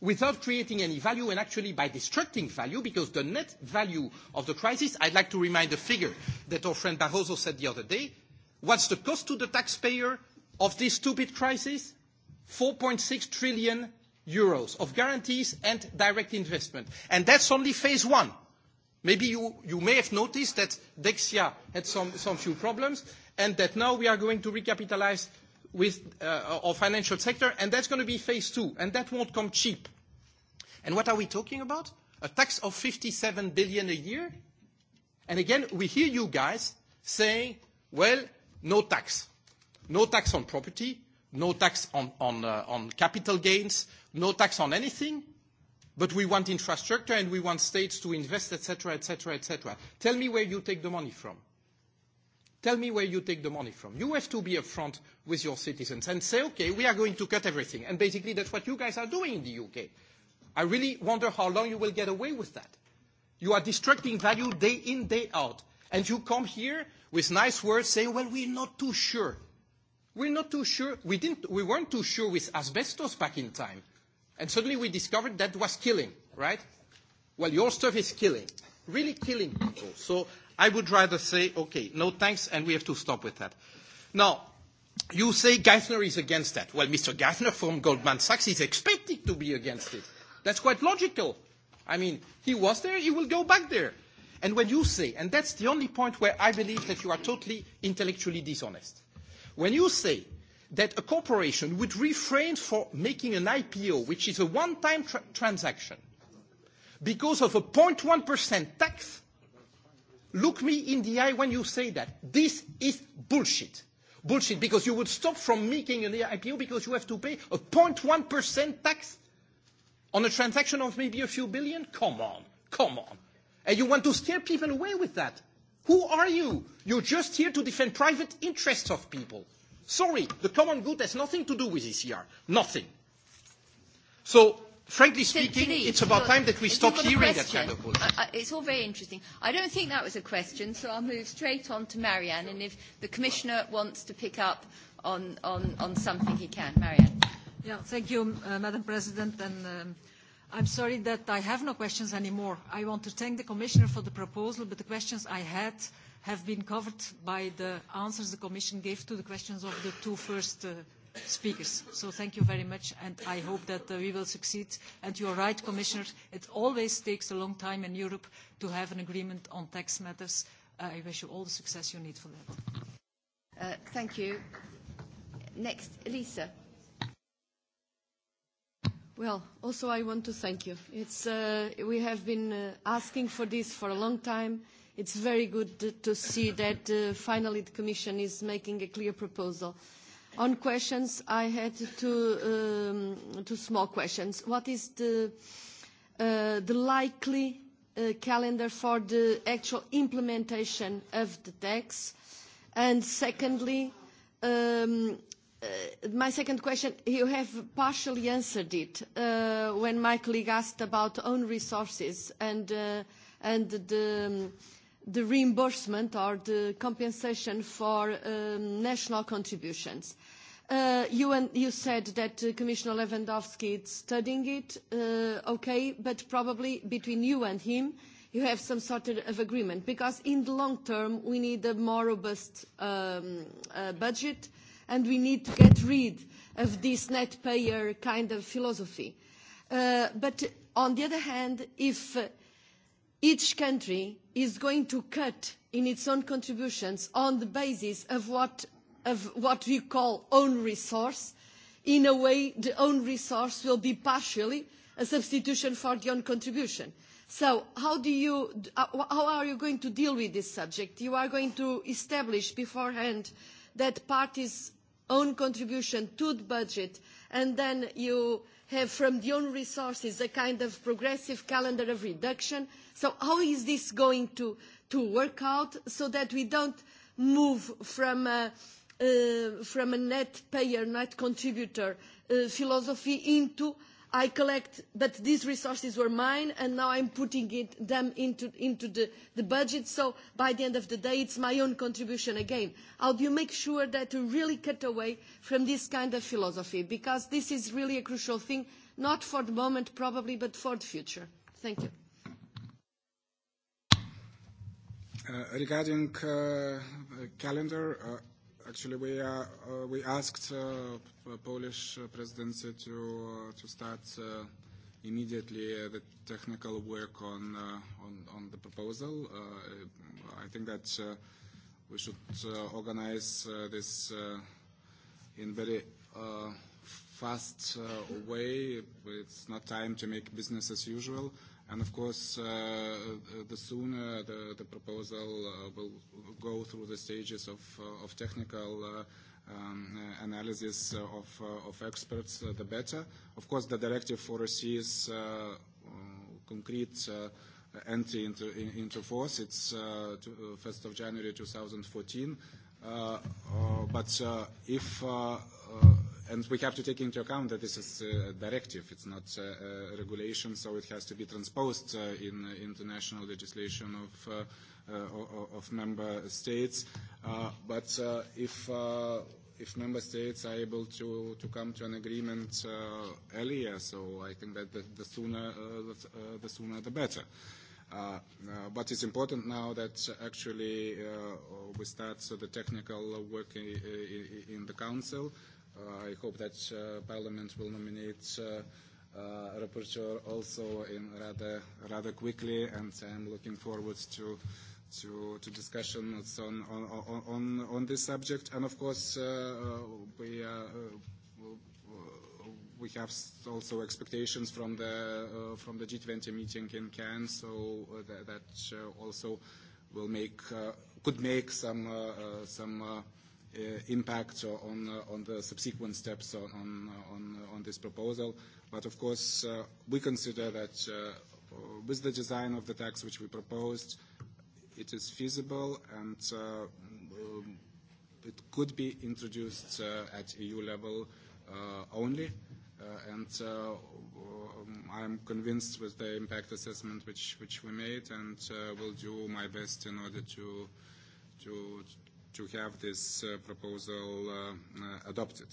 without creating any value and actually by destructing value because the net value of the crisis, I'd like to remind the figure that our friend Barroso said the other day, what's the cost to the taxpayer of this stupid crisis? 4.6 trillion euros of guarantees and direct investment. And that's only phase one. Maybe you, you may have noticed that Dexia had some, some few problems and that now we are going to recapitalize with uh, our financial sector, and that's going to be phase two, and that won't come cheap. And what are we talking about? A tax of 57 billion a year? And again, we hear you guys saying, well, no tax. No tax on property, no tax on, on, uh, on capital gains, no tax on anything, but we want infrastructure and we want states to invest, etc., etc., etc. Tell me where you take the money from. Tell me where you take the money from. You have to be upfront with your citizens and say, okay, we are going to cut everything. And basically that's what you guys are doing in the UK. I really wonder how long you will get away with that. You are destructing value day in, day out. And you come here with nice words saying, well, we're not too sure. We're not too sure. We, didn't, we weren't too sure with asbestos back in time. And suddenly we discovered that was killing, right? Well, your stuff is killing, really killing people. So I would rather say, okay, no thanks, and we have to stop with that. Now, you say Geithner is against that. Well, Mr. Geithner from Goldman Sachs is expected to be against it. That's quite logical. I mean, he was there, he will go back there. And when you say, and that's the only point where I believe that you are totally intellectually dishonest, when you say that a corporation would refrain from making an IPO, which is a one-time tra transaction, because of a 0.1% tax, look me in the eye when you say that. This is bullshit. Bullshit, because you would stop from making an IPO because you have to pay a 0.1% tax on a transaction of maybe a few billion? Come on, come on. And you want to scare people away with that? Who are you? You're just here to defend private interests of people. Sorry, the common good has nothing to do with ECR. Nothing. So, frankly speaking, Denise, it's about time that we stop hearing that kind of bullshit. I, I, it's all very interesting. I don't think that was a question, so I'll move straight on to Marianne. And if the Commissioner wants to pick up on, on, on something, he can. Marianne thank you, uh, Madam President. And um, I'm sorry that I have no questions anymore. I want to thank the Commissioner for the proposal, but the questions I had have been covered by the answers the Commission gave to the questions of the two first uh, speakers. So thank you very much, and I hope that we will succeed. And you are right, Commissioner, it always takes a long time in Europe to have an agreement on tax matters. I wish you all the success you need for that. thank you. Next, Elisa. Well, also I want to thank you. It's, uh, we have been uh, asking for this for a long time. It's very good to, see that uh, finally the Commission is making a clear proposal. On questions, I had two, um, two small questions. What is the, uh, the likely uh, calendar for the actual implementation of the tax? And secondly, um, Uh, my second question, you have partially answered it uh, when my colleague asked about own resources and, uh, um, the, reimbursement or the compensation for um, national contributions. You, said that Commissioner Lewandowski is studying it. Okay, but probably between you and him, you have some sort of agreement, because in the long term, we need a more robust um, budget and we need to get rid of this net payer kind of philosophy. Uh, but on the other hand, if uh, each country is going to cut in its own contributions on the basis of what, of what we call own resource, in a way the own resource will be partially a substitution for the own contribution. So how, do you, uh, how are you going to deal with this subject? You are going to establish beforehand uh, that parties' own contribution to the budget, and then you have from the own resources a kind of progressive calendar of reduction. So how is this going to, to work out so that we don't move from a, uh, from a net payer, net contributor uh, philosophy into i collect, but these resources were mine, and now I'm putting it, them into, into the, the budget. So by the end of the day, it's my own contribution again. How do you make sure that you really cut away from this kind of philosophy? Because this is really a crucial thing, not for the moment probably, but for the future. Thank you. Uh, regarding uh, calendar, uh, actually, we, uh, uh, we asked uh, Polish presidency to, uh, to start uh, immediately uh, the technical work on, uh, on, on the proposal. Uh, I think that uh, we should uh, organize uh, this uh, in very uh, fast uh, way. It's not time to make business as usual. Uh, And of course, uh, uh, the sooner the, the proposal uh, will go through the stages of, uh, of technical uh, um, uh, analysis uh, of, uh, of experts, uh, the better. Of course, the directive foresees uh, uh concrete uh, entry into, in, into force. It's uh, to, uh, 1st of January 2014. Uh, uh, but uh, if uh, and we have to take into account that this is a directive, it's not a, a regulation, so it has to be transposed uh, in international legislation of, uh, uh, of member states. Uh, but uh, if uh, if member states are able to, to come to an agreement uh, earlier, so I think that the, the sooner uh, the, uh, the sooner the better. Uh, uh, but it's important now that actually uh, we start so the technical work in, uh, in, in the council. Uh, I hope that uh, Parliament will nominate uh, uh, rapporteur also in rather rather quickly, and I'm looking forward to to, to discussion on, on, on, on this subject. And of course, uh, uh we, uh, uh, we have also expectations from the, uh, from the G20 meeting in Cannes, so uh, that, that also will make, uh, could make some, uh, uh, some uh, Uh, impact uh, on, the subsequent steps on, this proposal. But of course, uh, we consider that with the design of the tax which we proposed, it is feasible and um, it could be introduced at EU level only. and um, I'm convinced with the impact assessment which, we made and will do my best in order to, to have this uh, proposal uh, adopted.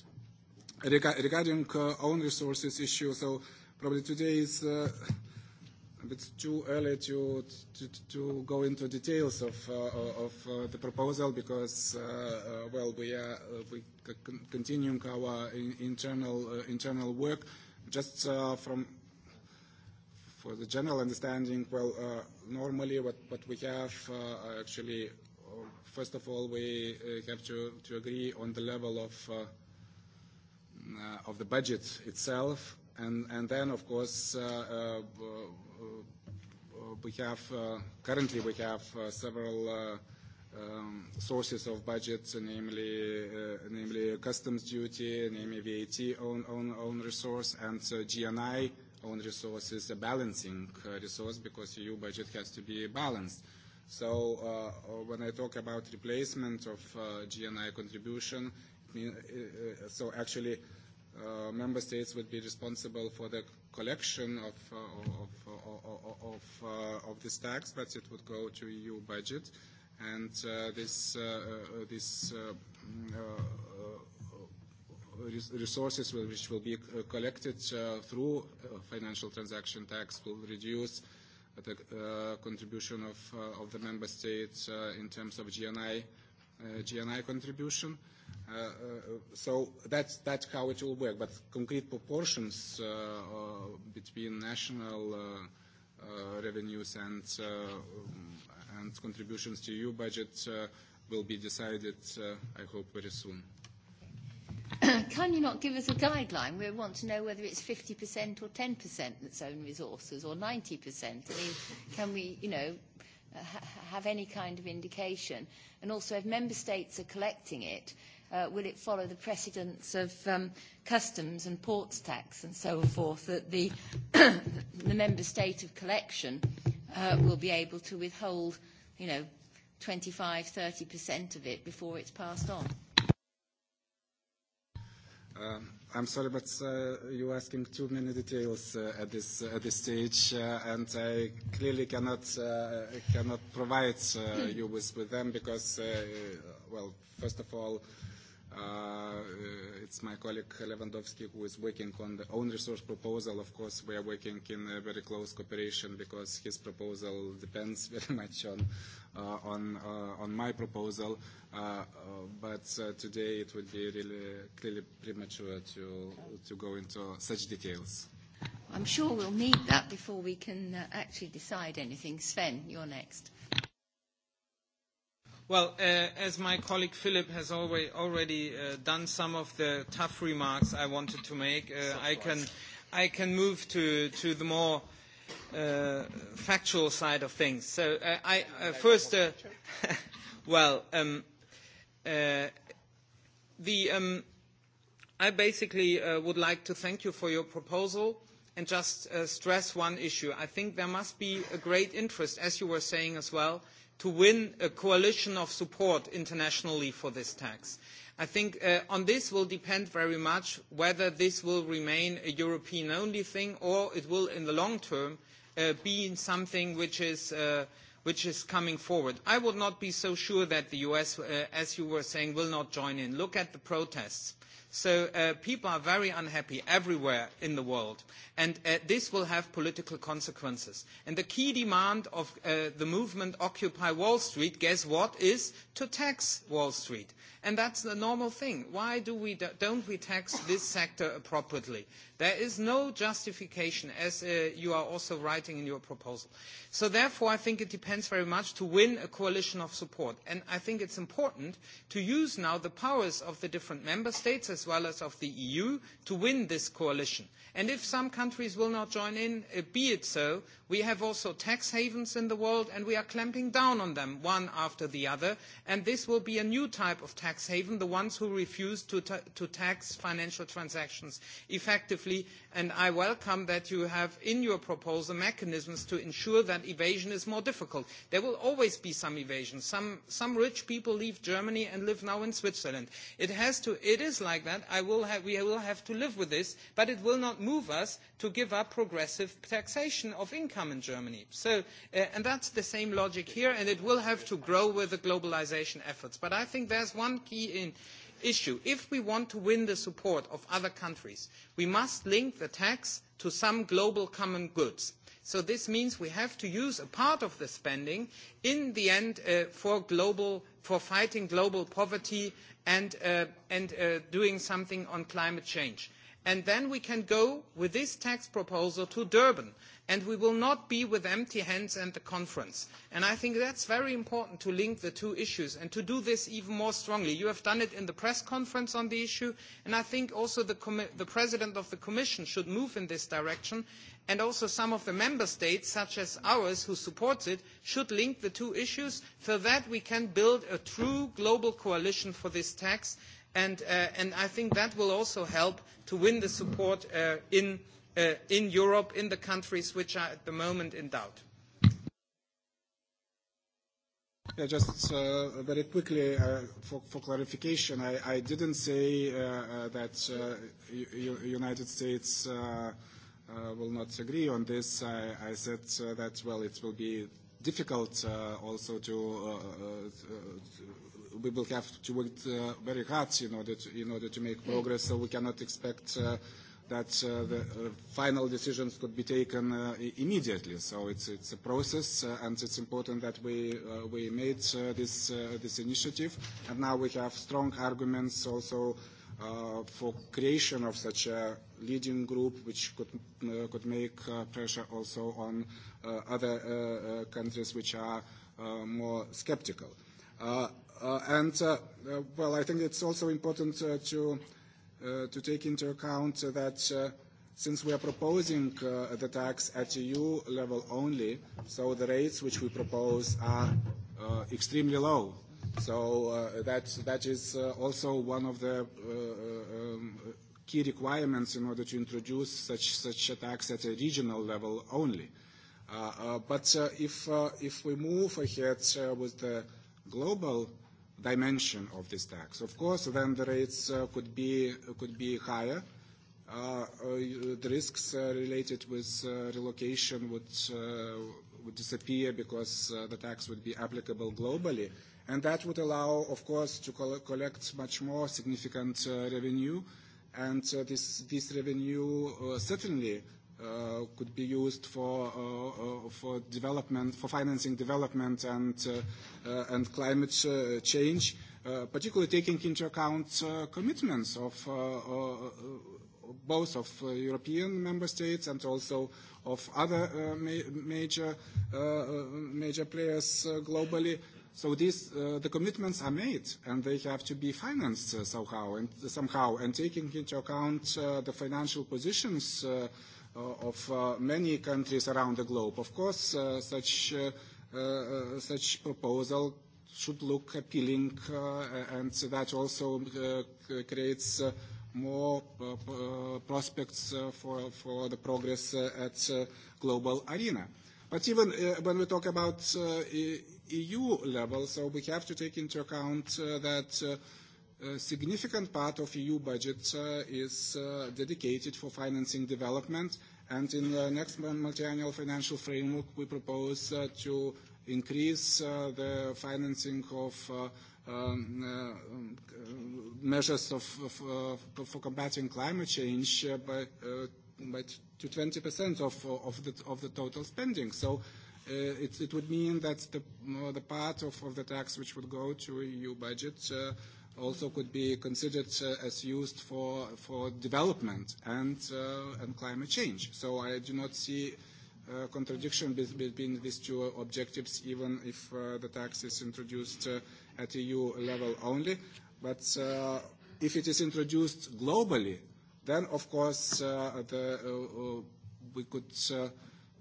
Reg regarding uh, own resources issue, so probably today is uh, a bit too early to, to, to go into details of, uh, of uh, the proposal because, uh, uh, well, we are uh, we continuing our in, internal, uh, internal work. Just uh, from for the general understanding, well, uh, normally what, what we have uh, actually first of all, we uh, have to, to agree on the level of, uh, uh, of the budget itself. And, and then, of course, uh, uh, uh we have, uh, currently we have uh, several uh, um, sources of budget, namely, uh, namely customs duty, namely VAT own, own, own resource, and uh, GNI own resource is a balancing uh, resource because EU budget has to be balanced. Uh, So uh, uh, when I talk about replacement of uh, GNI contribution, it mean, uh, uh, so actually uh, member states would be responsible for the collection of, uh, of, of, uh, of, uh, of this tax, but it would go to EU budget. And uh, this, uh, this uh, mm, uh, resources which will be collected uh, through financial transaction tax will reduce uh, the uh, contribution of, uh, of the member states uh, in terms of GNI, uh, GNI contribution. Uh, uh, so that's, that's how it will work. But concrete proportions uh, uh, between national uh, uh, revenues and, uh, um, and contributions to EU budget uh, will be decided, uh, I hope, very soon. can you not give us a guideline? We want to know whether it's 50% or 10% that's own resources or 90%. I mean, can we, you know, ha- have any kind of indication? And also, if member states are collecting it, uh, will it follow the precedents of um, customs and ports tax and so forth that the, the member state of collection uh, will be able to withhold, you know, 25, 30% of it before it's passed on? Uh, I'm sorry, but uh, you're asking too many details uh, at this uh, at this stage, uh, and I clearly cannot cannot provide you with, with them because, well, first of all, It's my colleague Lewandowski who is working on the own resource proposal. Of course, we are working in a very close cooperation because his proposal depends very much on uh, on uh, on my proposal. Uh, uh, but uh, today it would be really clearly premature to to go into such details. I'm sure we'll need that before we can uh, actually decide anything. Sven, you're next. Well, uh, as my colleague Philip has already, already uh, done some of the tough remarks I wanted to make, uh, I, can, I can move to, to the more uh, factual side of things. So uh, I uh, first, uh, well, um, uh, the um, I basically uh, would like to thank you for your proposal and just uh, stress one issue. I think there must be a great interest, as you were saying as well, to win a coalition of support internationally for this tax. I think uh, on this will depend very much whether this will remain a European-only thing or it will, in the long term, uh, be something which is, uh, which is coming forward. I would not be so sure that the U.S., uh, as you were saying, will not join in. Look at the protests So uh, people are very unhappy everywhere in the world, and uh, this will have political consequences. And the key demand of uh, the movement Occupy Wall Street, guess what, is to tax Wall Street. And that's the normal thing. Why do we do, don't we tax this sector appropriately? There is no justification, as uh, you are also writing in your proposal. So therefore, I think it depends very much to win a coalition of support. And I think it's important to use now the powers of the different member states, as as well as of the EU to win this coalition. And if some countries will not join in, uh, be it so, we have also tax havens in the world and we are clamping down on them one after the other. And this will be a new type of tax haven, the ones who refuse to, ta to tax financial transactions effectively. And I welcome that you have in your proposal mechanisms to ensure that evasion is more difficult. There will always be some evasion. Some, some rich people leave Germany and live now in Switzerland. It, has to, it is like that that. I will have, we will have to live with this, but it will not move us to give up progressive taxation of income in Germany. So, uh, and that's the same logic here, and it will have to grow with the globalization efforts. But I think there's one key in, issue. If we want to win the support of other countries, we must link the tax to some global common goods So this means we have to use a part of the spending in the end uh, for global, for fighting global poverty and, uh, and uh, doing something on climate change and then we can go with this tax proposal to Durban, and we will not be with empty hands at the conference. And I think that's very important to link the two issues and to do this even more strongly. You have done it in the press conference on the issue, and I think also the, the President of the Commission should move in this direction, and also some of the Member States, such as ours, who support it, should link the two issues so that we can build a true global coalition for this tax And, uh, and I think that will also help to win the support uh, in, uh, in Europe, in the countries which are at the moment in doubt. Yeah, just uh, very quickly uh, for, for clarification, I, I didn't say uh, uh that uh, U- United States uh, uh, will not agree on this. I, I said uh, that well, it will be difficult uh, also to, uh, uh, we will have to work uh, very hard in order to, in order to make progress. So we cannot expect uh, that uh, the uh, final decisions could be taken uh, immediately. So it's, it's a process, uh, and it's important that we, uh, we made uh, this, uh, this initiative. And now we have strong arguments also uh, for creation of such a leading group, which could, uh, could make uh, pressure also on uh, other uh, uh, countries which are uh, more skeptical. Uh, Uh, and, uh, uh, well, I think it's also important to, to take into account that since we are proposing uh, the tax at EU level only, so the rates which we propose are uh, extremely low. So uh, that, that is uh, also one of the uh, um, key requirements in order to introduce such, such a tax at a regional level only. Uh, uh, but uh, if, uh, if we move ahead uh, with the global dimension of this tax. Of course, then the rates uh, could be uh, could be higher. Uh, uh, the risks uh, related with uh, relocation would uh, would disappear because uh, the tax would be applicable globally, and that would allow, of course, to col- collect much more significant uh, revenue, and uh, this this revenue uh, certainly uh, could be used for uh, uh, for development, for financing development and uh, uh, and climate uh, change, uh, particularly taking into account uh, commitments of uh, uh, uh both of uh, European member states and also of other uh, ma major uh, uh, major players uh, globally. So these, uh, the commitments are made, and they have to be financed uh, somehow. And somehow, and taking into account uh, the financial positions uh, Uh, of uh, many countries around the globe. Of course, uh, such, such proposal should look appealing, and that also creates more prospects for, for the progress at global arena. But even when we talk about EU e level, so we have to take into account that significant part of EU budget uh, is uh, dedicated for financing development, and in the next multiannual financial framework, we propose uh, to increase uh, the financing of uh, um, uh, um, uh measures of, of, uh, for combating climate change uh, by, uh, by to 20% of, uh, of, the, of the total spending. So uh, it, it would mean that the, uh, the part of, of the tax which would go to EU budget uh, also could be considered uh, as used for, for development and, uh, and climate change. So I do not see a uh, contradiction be between these two objectives, even if uh, the tax is introduced uh, at EU level only. But uh, if it is introduced globally, then of course uh, the, uh, uh, we could uh,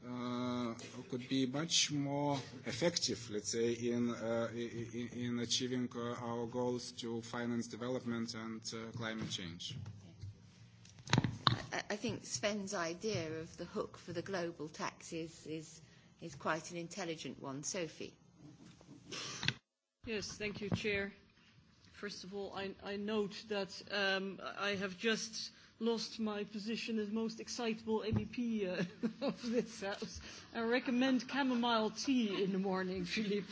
uh, could be much more effective, let's say, in, uh, in, in achieving uh, our goals to finance development and uh, climate change. I, think Sven's idea of the hook for the global tax is, is, is quite an intelligent one. Sophie. Yes, thank you, Chair. First of all, I, I note that um, I have just lost my position as most excitable MEP uh, of this house. I recommend chamomile tea in the morning, Philippe.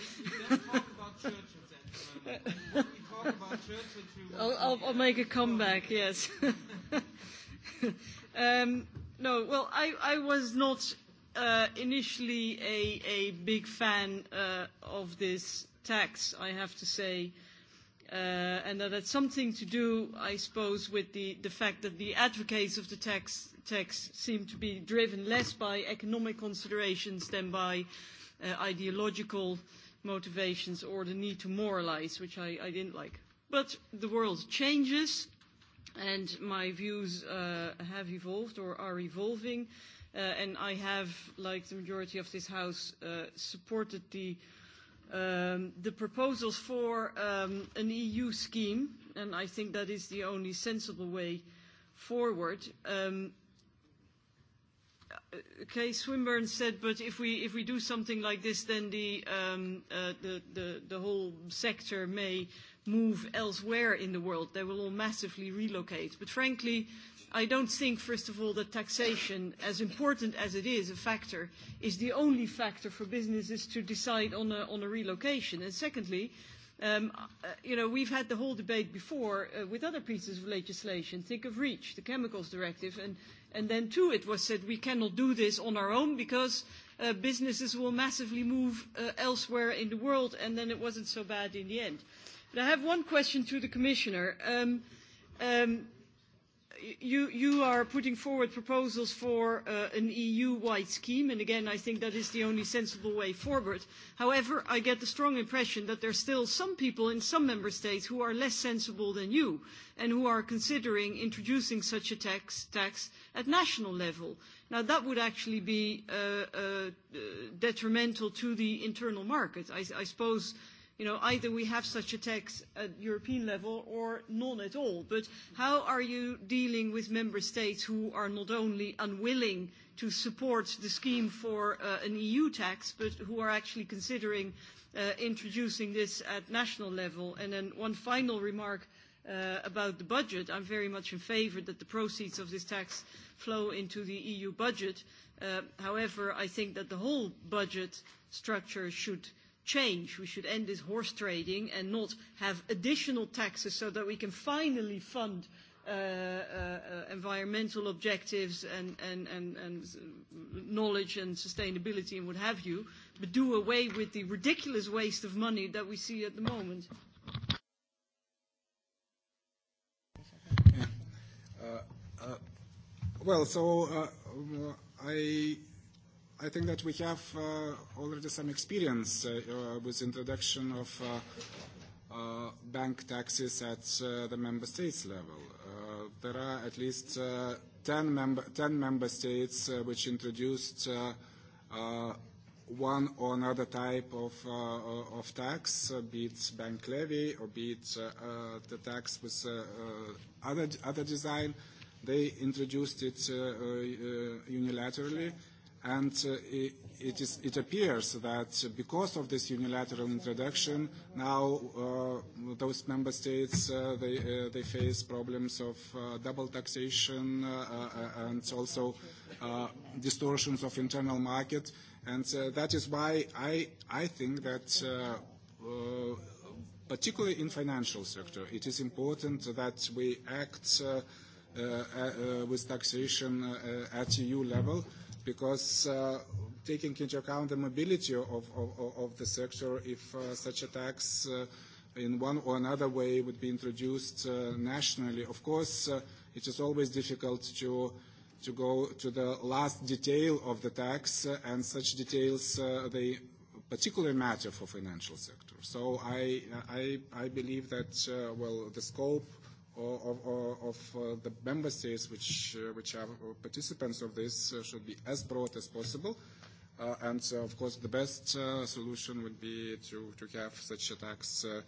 Let's talk about church At, uh, talk about I'll, I'll, I'll make a comeback, uh, yes. um, no, well, I, I was not uh, initially a, a big fan uh, of this tax, I have to say. Uh, and that had something to do, I suppose, with the, the fact that the advocates of the tax, tax seem to be driven less by economic considerations than by uh, ideological motivations or the need to moralize, which I, I didn't like. But the world changes, and my views uh, have evolved or are evolving, uh, and I have, like the majority of this House, uh, supported the uh, um, the proposals for um, an EU scheme, and I think that is the only sensible way forward. Um, okay, Swinburne said, but if we, if we do something like this, then the, um, uh, the, the, the whole sector may move elsewhere in the world. They will all massively relocate. But frankly, i don't think, first of all, that taxation, as important as it is a factor, is the only factor for businesses to decide on a, on a relocation. And secondly, um, uh, you know, we've had the whole debate before uh, with other pieces of legislation. Think of REACH, the chemicals directive, and, and then too it was said we cannot do this on our own because uh, businesses will massively move uh, elsewhere in the world, and then it wasn't so bad in the end. But I have one question to the Commissioner. Um, um, you, you are putting forward proposals for uh, an EU-wide scheme, and again, I think that is the only sensible way forward. However, I get the strong impression that there are still some people in some member states who are less sensible than you and who are considering introducing such a tax, tax at national level. Now, that would actually be uh, uh, uh detrimental to the internal market. I, I suppose You know, either we have such a tax at European level or none at all. But how are you dealing with member states who are not only unwilling to support the scheme for uh, an EU tax, but who are actually considering uh, introducing this at national level? And then one final remark uh, about the budget. I'm very much in favor that the proceeds of this tax flow into the EU budget. Uh, however, I think that the whole budget structure should change. We should end this horse trading and not have additional taxes so that we can finally fund uh, uh, uh environmental objectives and, and, and, and knowledge and sustainability and what have you, but do away with the ridiculous waste of money that we see at the moment. Uh, uh, well, so uh, I i think that we have uh, already some experience uh, uh, with introduction of uh, uh, bank taxes at uh, the member states level. Uh, there are at least uh, 10, member, 10 member states uh, which introduced uh, uh, one or another type of, uh, uh, of tax, uh, be it bank levy or be it uh, uh, the tax with uh, uh, other, other design. They introduced it uh, uh, unilaterally. Sure. And uh, it, is, it appears that because of this unilateral introduction, now uh, those member states uh, they, uh, they face problems of uh, double taxation uh, uh, and also uh, distortions of internal market. And uh, that is why I, I think that. Uh, uh, particularly in financial sector, it is important that we act uh, uh, uh, with taxation uh, at EU level uh, because uh, taking into account the mobility of, of, of the sector, if uh, such a tax uh, in one or another way would be introduced uh, nationally, of course, uh, it is always difficult to to go to the last detail of the tax, uh, and such details uh, they particularly matter for financial sector. So I I, I believe that uh, well the scope of, of, of uh, the member states which, uh, which are uh, participants of this uh, should be as broad as possible. Uh, and uh, of course, the best uh, solution would be to, to have such a tax uh,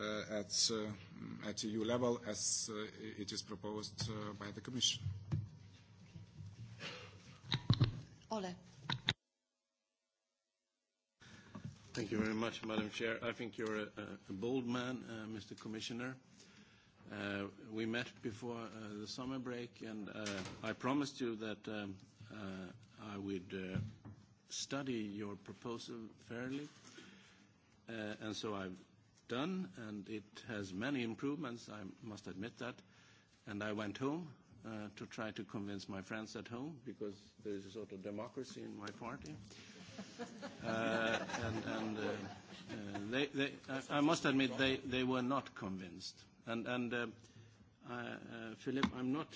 uh, at, uh, at EU level as uh, it is proposed uh, by the Commission. Ole. Thank you very much, Madam Chair. I think you're a, a bold man, uh, Mr. Commissioner. Uh, Uh, we met before uh, the summer break, and uh, I promised you that um, I would study your proposal fairly. And so I've done, and it has many improvements, I must admit that. And I went home to try to convince my friends at home, because there is a sort of democracy in my party. And, they, I, I must admit, they, they were not convinced. And, and uh, uh, uh, Philip, I'm not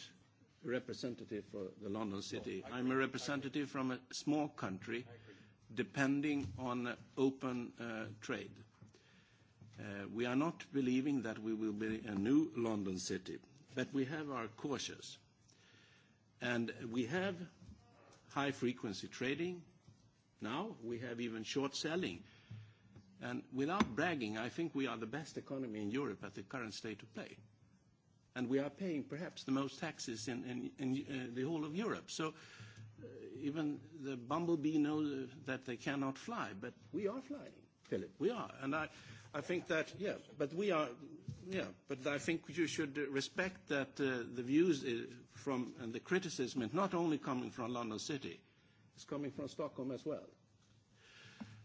a representative for the London no, City. No, I'm a representative from a small country depending on uh, open uh, trade. Uh, we are not believing that we will be a new London City, but we have our cautious. And we have high-frequency trading. Now we have even short selling without bragging, I think we are the best economy in Europe at the current state of play. And we are paying perhaps the most taxes in, uh, the whole of Europe. So uh, even the bumblebee knows uh, that they cannot fly, but we are flying, Philip. We are. And I, think that, yeah, but we are, yeah, but I think you should respect that the views from and the criticism is not only coming from London City, it's coming from Stockholm as well.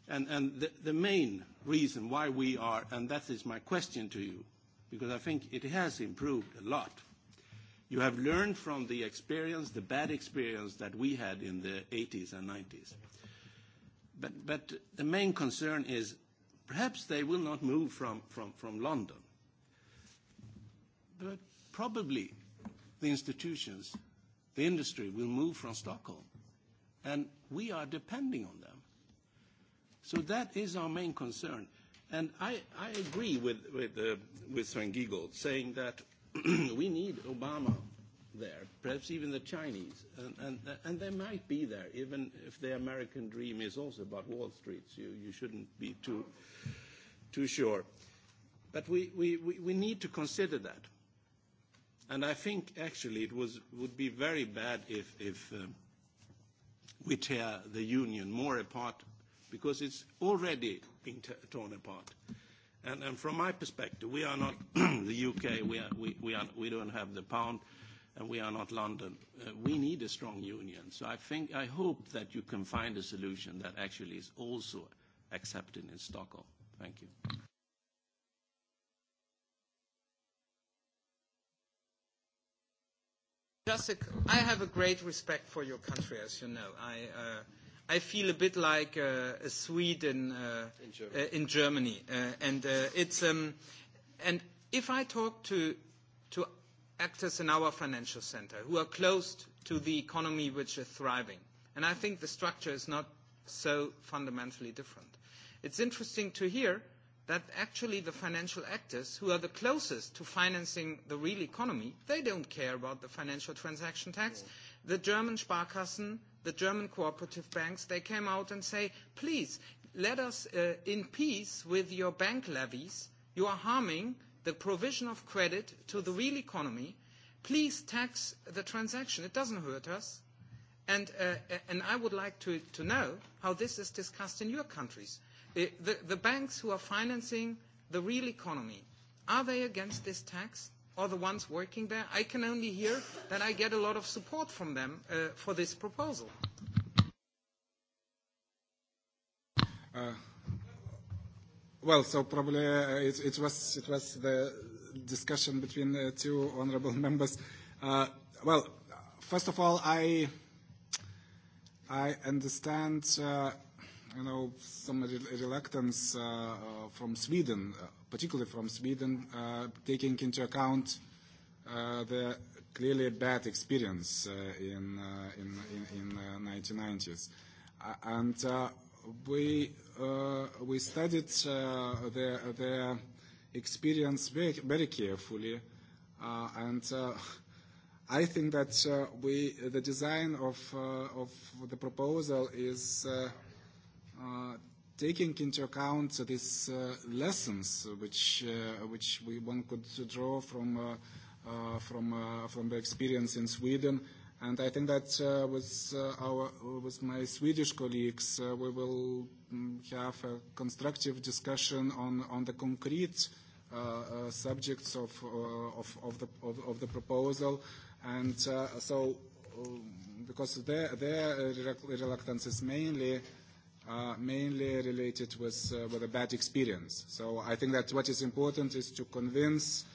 And, and the, the main reason why we are, and that is my question to you, because I think it has improved a lot. You have learned from the experience, the bad experience that we had in the 80s and 90s. But, but the main concern is perhaps they will not move from, from, from London. But probably the institutions, the industry will move from Stockholm, and we are depending on them. So that is our main concern. And I, I agree with, with, uh, with Sven Giegel saying that we need Obama there, perhaps even the Chinese. And, and, and they might be there, even if the American dream is also about Wall Street. So you, you shouldn't be too, too sure. But we, we, we, we need to consider that. And I think actually it was, would be very bad if, if um, we tear the union more apart because it's already been torn apart. And, and from my perspective, we are not the U.K., we, are, we, we, are, we don't have the pound, and we are not London. Uh, we need a strong union. So I think, I hope that you can find a solution that actually is also accepted in Stockholm. Thank you. Jessica, I have a great respect for your country, as you know. I uh, i feel a bit like uh, a Swede in, uh, in Germany. Uh, in Germany. Uh, and uh, it's um, and if I talk to to actors in our financial center who are close to the economy which is thriving, and I think the structure is not so fundamentally different. It's interesting to hear that actually the financial actors who are the closest to financing the real economy, they don't care about the financial transaction tax. No. The German Sparkassen the German cooperative banks, they came out and say, please, let us uh, in peace with your bank levies. You are harming the provision of credit to the real economy. Please tax the transaction. It doesn't hurt us. And, uh, and I would like to, to know how this is discussed in your countries. Uh, the, the banks who are financing the real economy, are they against this tax? are the ones working there. I can only hear that I get a lot of support from them uh, for this proposal. Uh, well, so probably uh, it, it, was, it was the discussion between the two honorable members. Uh, well, first of all, I, I understand. Uh, you know, some re reluctance uh, uh, from Sweden, uh, particularly from Sweden, uh, taking into account uh, the clearly bad experience uh, in, uh, in, in, in uh, 1990s. Uh, and uh, we, uh, we studied uh, the the experience very, very carefully, uh, and uh, I think that uh, we, the design of, uh, of the proposal is uh, Uh, taking into account these uh, lessons which, uh, which we, one could draw from, uh, uh, from, uh, from the experience in Sweden, And I think that uh, with, uh, our, with my Swedish colleagues, uh, we will mm, have a constructive discussion on, on the concrete uh, uh, subjects of, uh, of, of, the, of, of the proposal. And uh, so, uh, because their, their reluctance is mainly uh, mainly related with, uh, with a bad experience. So I think that what is important is to convince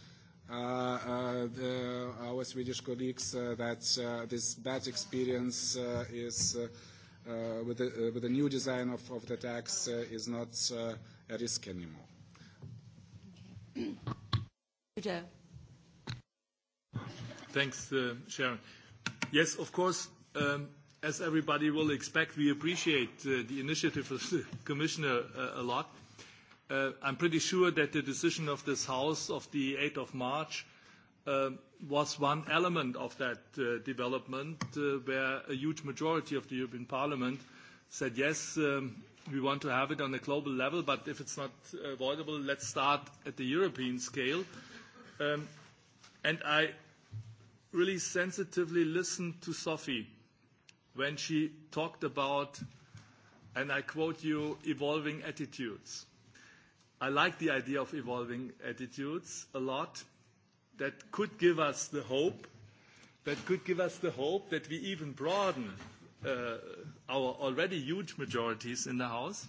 uh, uh, the, our Swedish colleagues uh, that uh, this bad experience uh, is, uh, uh, with, the, uh, with the new design of, of the tax, uh, is not uh, a risk anymore. Okay. Thanks, uh, Sharon. Yes, of course. Um, as everybody will expect, we appreciate uh, the initiative of the Commissioner uh, a lot. Uh, I'm pretty sure that the decision of this House of the 8th of March uh, was one element of that uh, development uh, where a huge majority of the European Parliament said, yes, um, we want to have it on a global level, but if it's not avoidable, let's start at the European scale. Um, and I really sensitively listened to Sophie when she talked about, and I quote you, evolving attitudes. I like the idea of evolving attitudes a lot. That could give us the hope. That could give us the hope that we even broaden uh, our already huge majorities in the House.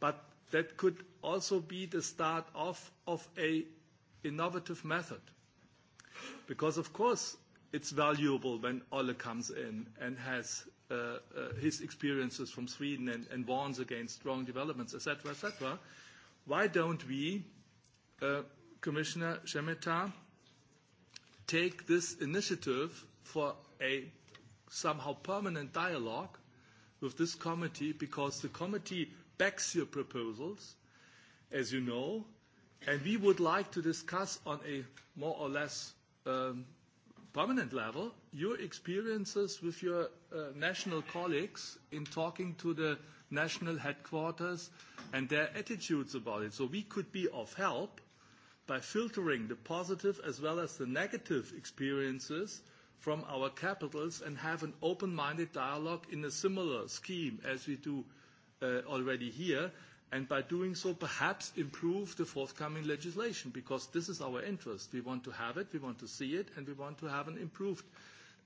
But that could also be the start of a innovative method. Because of course, it's valuable when Ole comes in and has uh, uh, his experiences from Sweden and, and warns against strong developments, etc., etc. Why don't we, uh, Commissioner Shemeta, take this initiative for a somehow permanent dialogue with this committee because the committee backs your proposals, as you know, and we would like to discuss on a more or less um, permanent level, your experiences with your uh, national colleagues in talking to the national headquarters and their attitudes about it. So we could be of help by filtering the positive as well as the negative experiences from our capitals and have an open-minded dialogue in a similar scheme as we do uh, already here and by doing so, perhaps improve the forthcoming legislation, because this is our interest. We want to have it, we want to see it, and we want to have an improved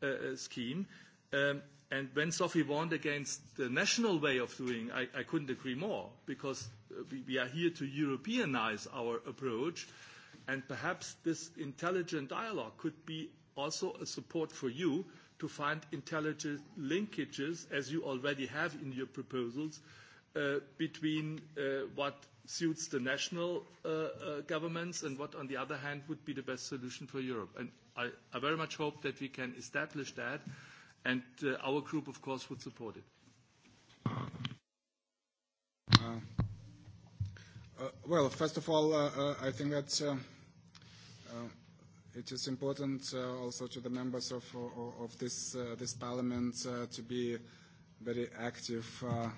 uh, uh scheme. Um, and when Sophie warned against the national way of doing, I, I couldn't agree more, because uh, we, we are here to Europeanize our approach, and perhaps this intelligent dialogue could be also a support for you to find intelligent linkages, as you already have in your proposals, uh, Uh, between uh, what suits the national uh, uh, governments and what, on the other hand, would be the best solution for Europe. And I, I very much hope that we can establish that, and uh, our group, of course, would support it. Uh, uh, well, first of all, uh, uh, I think that uh, uh, it is important uh, also to the members of, of, of this, uh, this parliament uh, to be very active uh,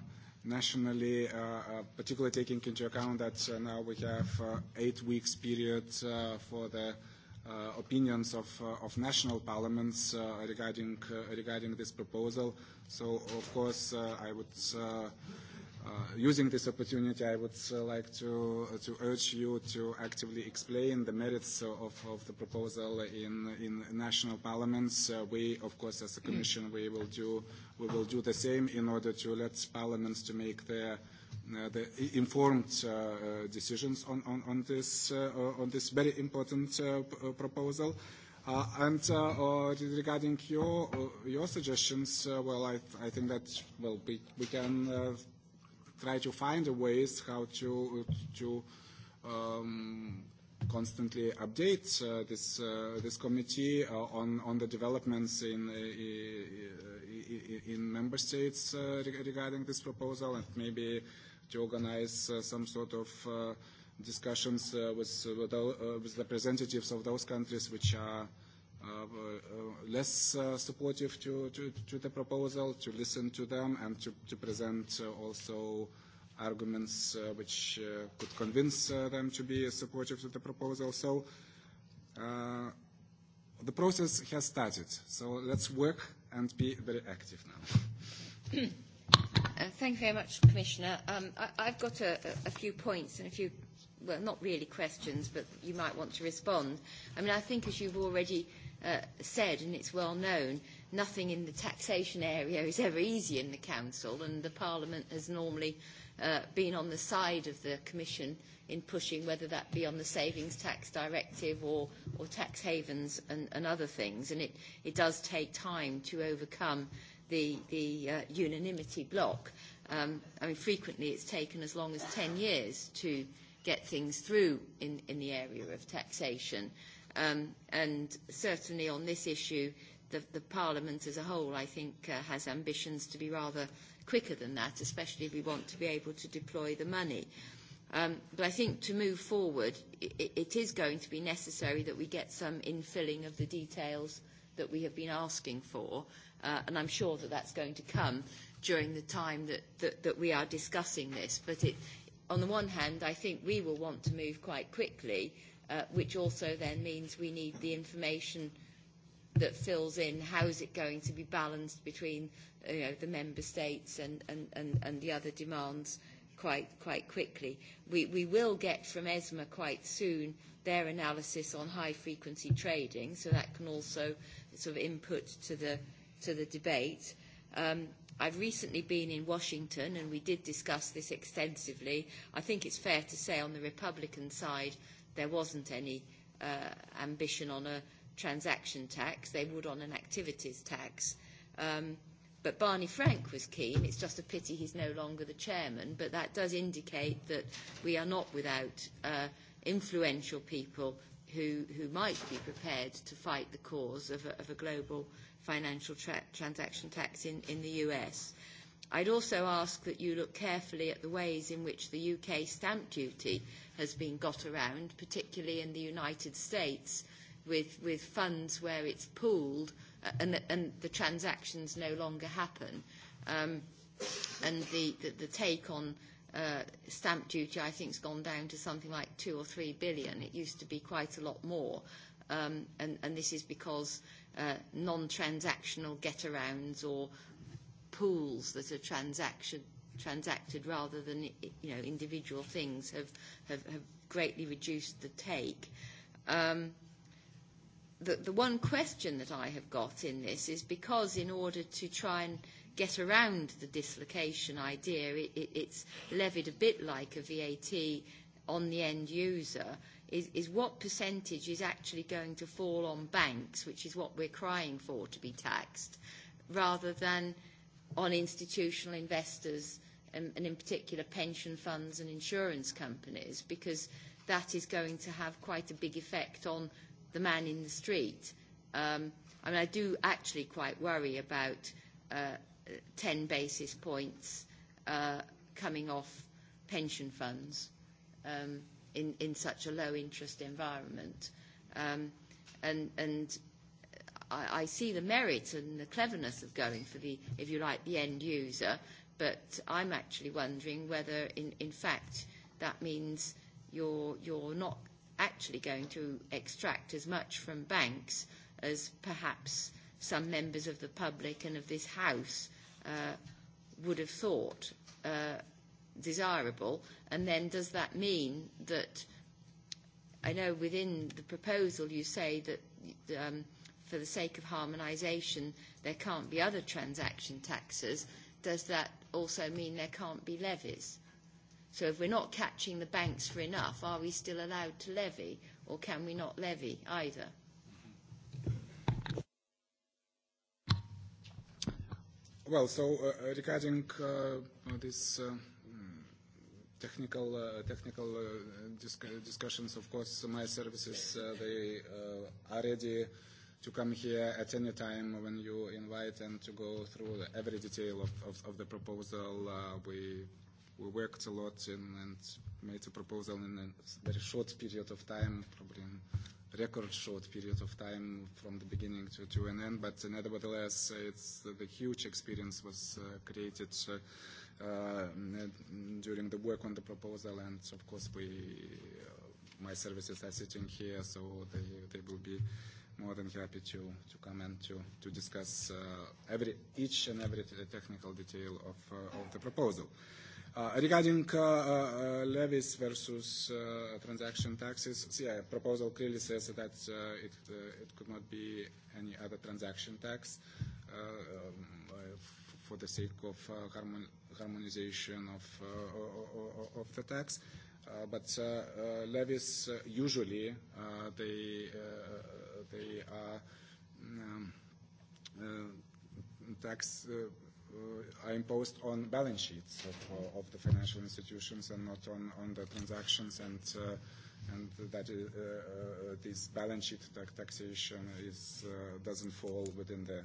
nationally, uh, uh, particularly taking into account that uh, now we have uh, eight weeks period uh, for the uh, opinions of, uh, of national parliaments uh, regarding, uh, regarding this proposal. So, of course, uh, I would uh, Uh, using this opportunity, I would uh, like to, uh, to urge you to actively explain the merits of, of the proposal in, in national parliaments. Uh, we, of course, as a commission, we will, do, we will do the same in order to let parliaments to make their, uh, the informed decisions on, on, on, this, on this very important proposal. Uh, and uh, uh, regarding your your suggestions, well, I, I think that well we we can try to find the ways how to to um, constantly update uh, this uh, this committee uh, on on the developments in uh, in member states uh, regarding this proposal and maybe to organize uh, some sort of uh, discussions uh, with with, uh, with representatives of those countries which are Uh, uh, less uh, supportive to, to, to the proposal, to listen to them and to, to present also arguments uh, which uh, could convince uh, them to be supportive to the proposal. So uh, the process has started. So let's work and be very active now. uh, thank you very much, Commissioner. Um, I, I've got a, a few points and a few, well, not really questions, but you might want to respond. I mean, I think as you've already uh, uh, said, and it's well known, nothing in the taxation area is ever easy in the Council, and the Parliament has normally uh, been on the side of the Commission in pushing, whether that be on the Savings Tax Directive or, or tax havens and, and other things. And it, it does take time to overcome the, the uh, unanimity block. Um, I mean, frequently it's taken as long as 10 years to get things through in, in the area of taxation. Um, and certainly on this issue, the, the Parliament as a whole, I think, uh, has ambitions to be rather quicker than that, especially if we want to be able to deploy the money. Um, but I think to move forward, it, it is going to be necessary that we get some infilling of the details that we have been asking for, uh, and I'm sure that that's going to come during the time that, that, that we are discussing this. But it, on the one hand, I think we will want to move quite quickly, Uh, which also then means we need the information that fills in how is it going to be balanced between uh, you know, the member states and, and, and, and the other demands quite, quite quickly. We, we will get from ESMA quite soon their analysis on high-frequency trading, so that can also sort of input to the, to the debate. Um, I've recently been in Washington, and we did discuss this extensively. I think it's fair to say on the Republican side, there wasn't any uh, ambition on a transaction tax. They would on an activities tax. Um, but Barney Frank was keen. It's just a pity he's no longer the chairman, but that does indicate that we are not without uh, influential people who, who might be prepared to fight the cause of a, of a global financial tra- transaction tax in, in the US. I'd also ask that you look carefully at the ways in which the UK stamp duty has been got around, particularly in the United States, with, with funds where it's pooled uh, and, the, and the transactions no longer happen. Um, and the, the, the take on uh, stamp duty, I think, has gone down to something like two or three billion. It used to be quite a lot more. Um, and, and this is because uh, non-transactional get-arounds or pools that are transaction transacted rather than you know individual things have have, have greatly reduced the take. Um, the, the one question that I have got in this is because in order to try and get around the dislocation idea, it, it, it's levied a bit like a VAT on the end user, is, is what percentage is actually going to fall on banks, which is what we're crying for to be taxed, rather than on institutional investors and, um, and in particular pension funds and insurance companies, because that is going to have quite a big effect on the man in the street. Um, I mean, I do actually quite worry about uh, 10 basis points uh, coming off pension funds um, in, in such a low interest environment. Um, and and I, I see the merit and the cleverness of going for the, if you like, the end user, but I'm actually wondering whether, in, in fact, that means you're, you're not actually going to extract as much from banks as perhaps some members of the public and of this House uh, would have thought uh, desirable. And then does that mean that, I know within the proposal you say that um, for the sake of harmonisation there can't be other transaction taxes, does that also mean there can't be levies? So if we're not catching the banks for enough, are we still allowed to levy, or can we not levy either? Well, so uh, uh regarding uh, uh, this uh, mm, technical uh, technical uh, disc discussions, of course, my services uh, they uh, are ready to come here at any time when you invite and to go through every detail of, of, of the proposal. Uh, we, we worked a lot in, and made a proposal in a very short period of time, probably in record short period of time from the beginning to, to an end. But nevertheless, it's, the huge experience was uh, created uh, uh, during the work on the proposal, and of course, we, uh, my services are sitting here, so they, they will be more than happy to, to comment to, to discuss uh, every, each and every technical detail of, uh, of the proposal. Uh, regarding uh, uh, uh levies versus uh, transaction taxes, so yeah, proposal clearly says that uh, it, uh, it could not be any other transaction tax uh, um, for the sake of uh, harmon harmonization of, uh, of the tax. Uh, Uh, but uh, uh, levies uh, usually uh, they uh, uh they are um, uh, tax uh, uh, are imposed on balance sheets of, of the financial institutions and not on, on the transactions and uh, and that uh, uh, this balance sheet taxation is uh, doesn't fall within the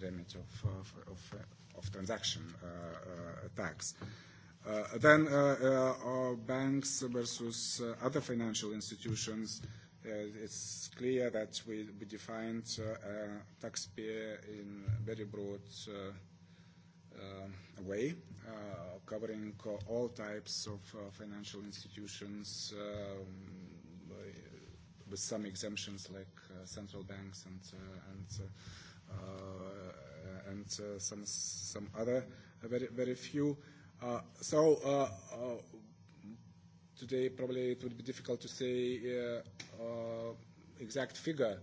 remit of of, of, of transaction uh, uh, tax. Uh, Uh, then uh, uh, banks versus uh, other financial institutions, uh, it's clear that we, we defined uh, taxpayer in very broad uh, uh, way, uh, covering all types of uh, financial institutions um, with some exemptions like uh, central banks and, uh, and, uh, uh, and uh, some, some other, uh, very, very few. Uh, Uh, so uh, uh, today probably it would be difficult to say uh, uh, exact figure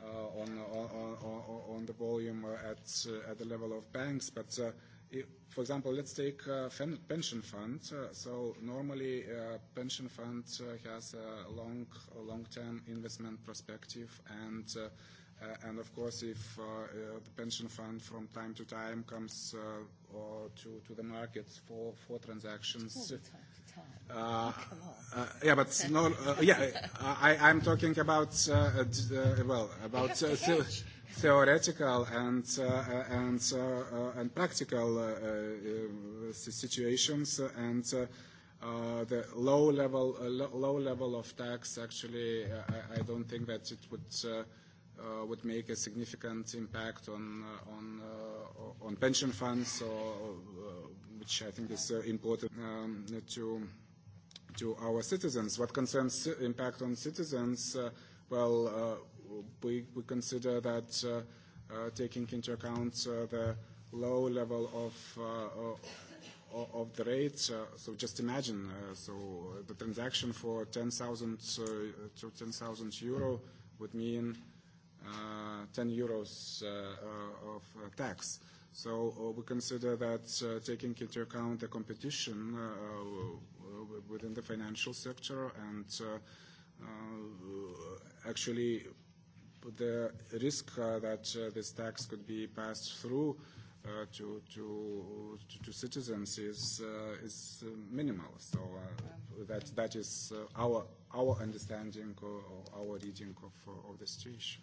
uh, on, on, on, on the volume uh, at, uh, at the level of banks, but uh, if, for example, let's take uh, pension fund. Uh, so normally, uh, pension fund uh, has a long, long-term investment perspective, and uh, uh, and of course, if uh, uh, the pension fund from time to time comes uh, or uh, to, to the markets for, for transactions. Uh, uh, yeah, but no, uh, yeah, I, I'm talking about, uh, uh, uh well, about uh, the, theoretical and, uh, uh and, uh, and practical uh, uh, situations and uh, Uh, the low level, uh, low level of tax, actually, uh, I, I don't think that it would uh, would make a significant impact on uh, on uh, on pension funds, or, uh, which I think is uh, important um, to to our citizens. What concerns impact on citizens, uh, well, uh, we we consider that uh, uh, taking into account uh, the low level of uh, uh, of the rates. Uh, so just imagine, uh, so the transaction for 10,000 uh, to 10,000 euro would mean uh, 10 euros uh, uh of uh, tax. So uh, we consider that taking into account the competition within the financial sector and actually the risk that this tax could be passed through Uh, to, to, to citizens is, uh, is minimal. So uh, that, that is our, our understanding or, or our reading of, of the situation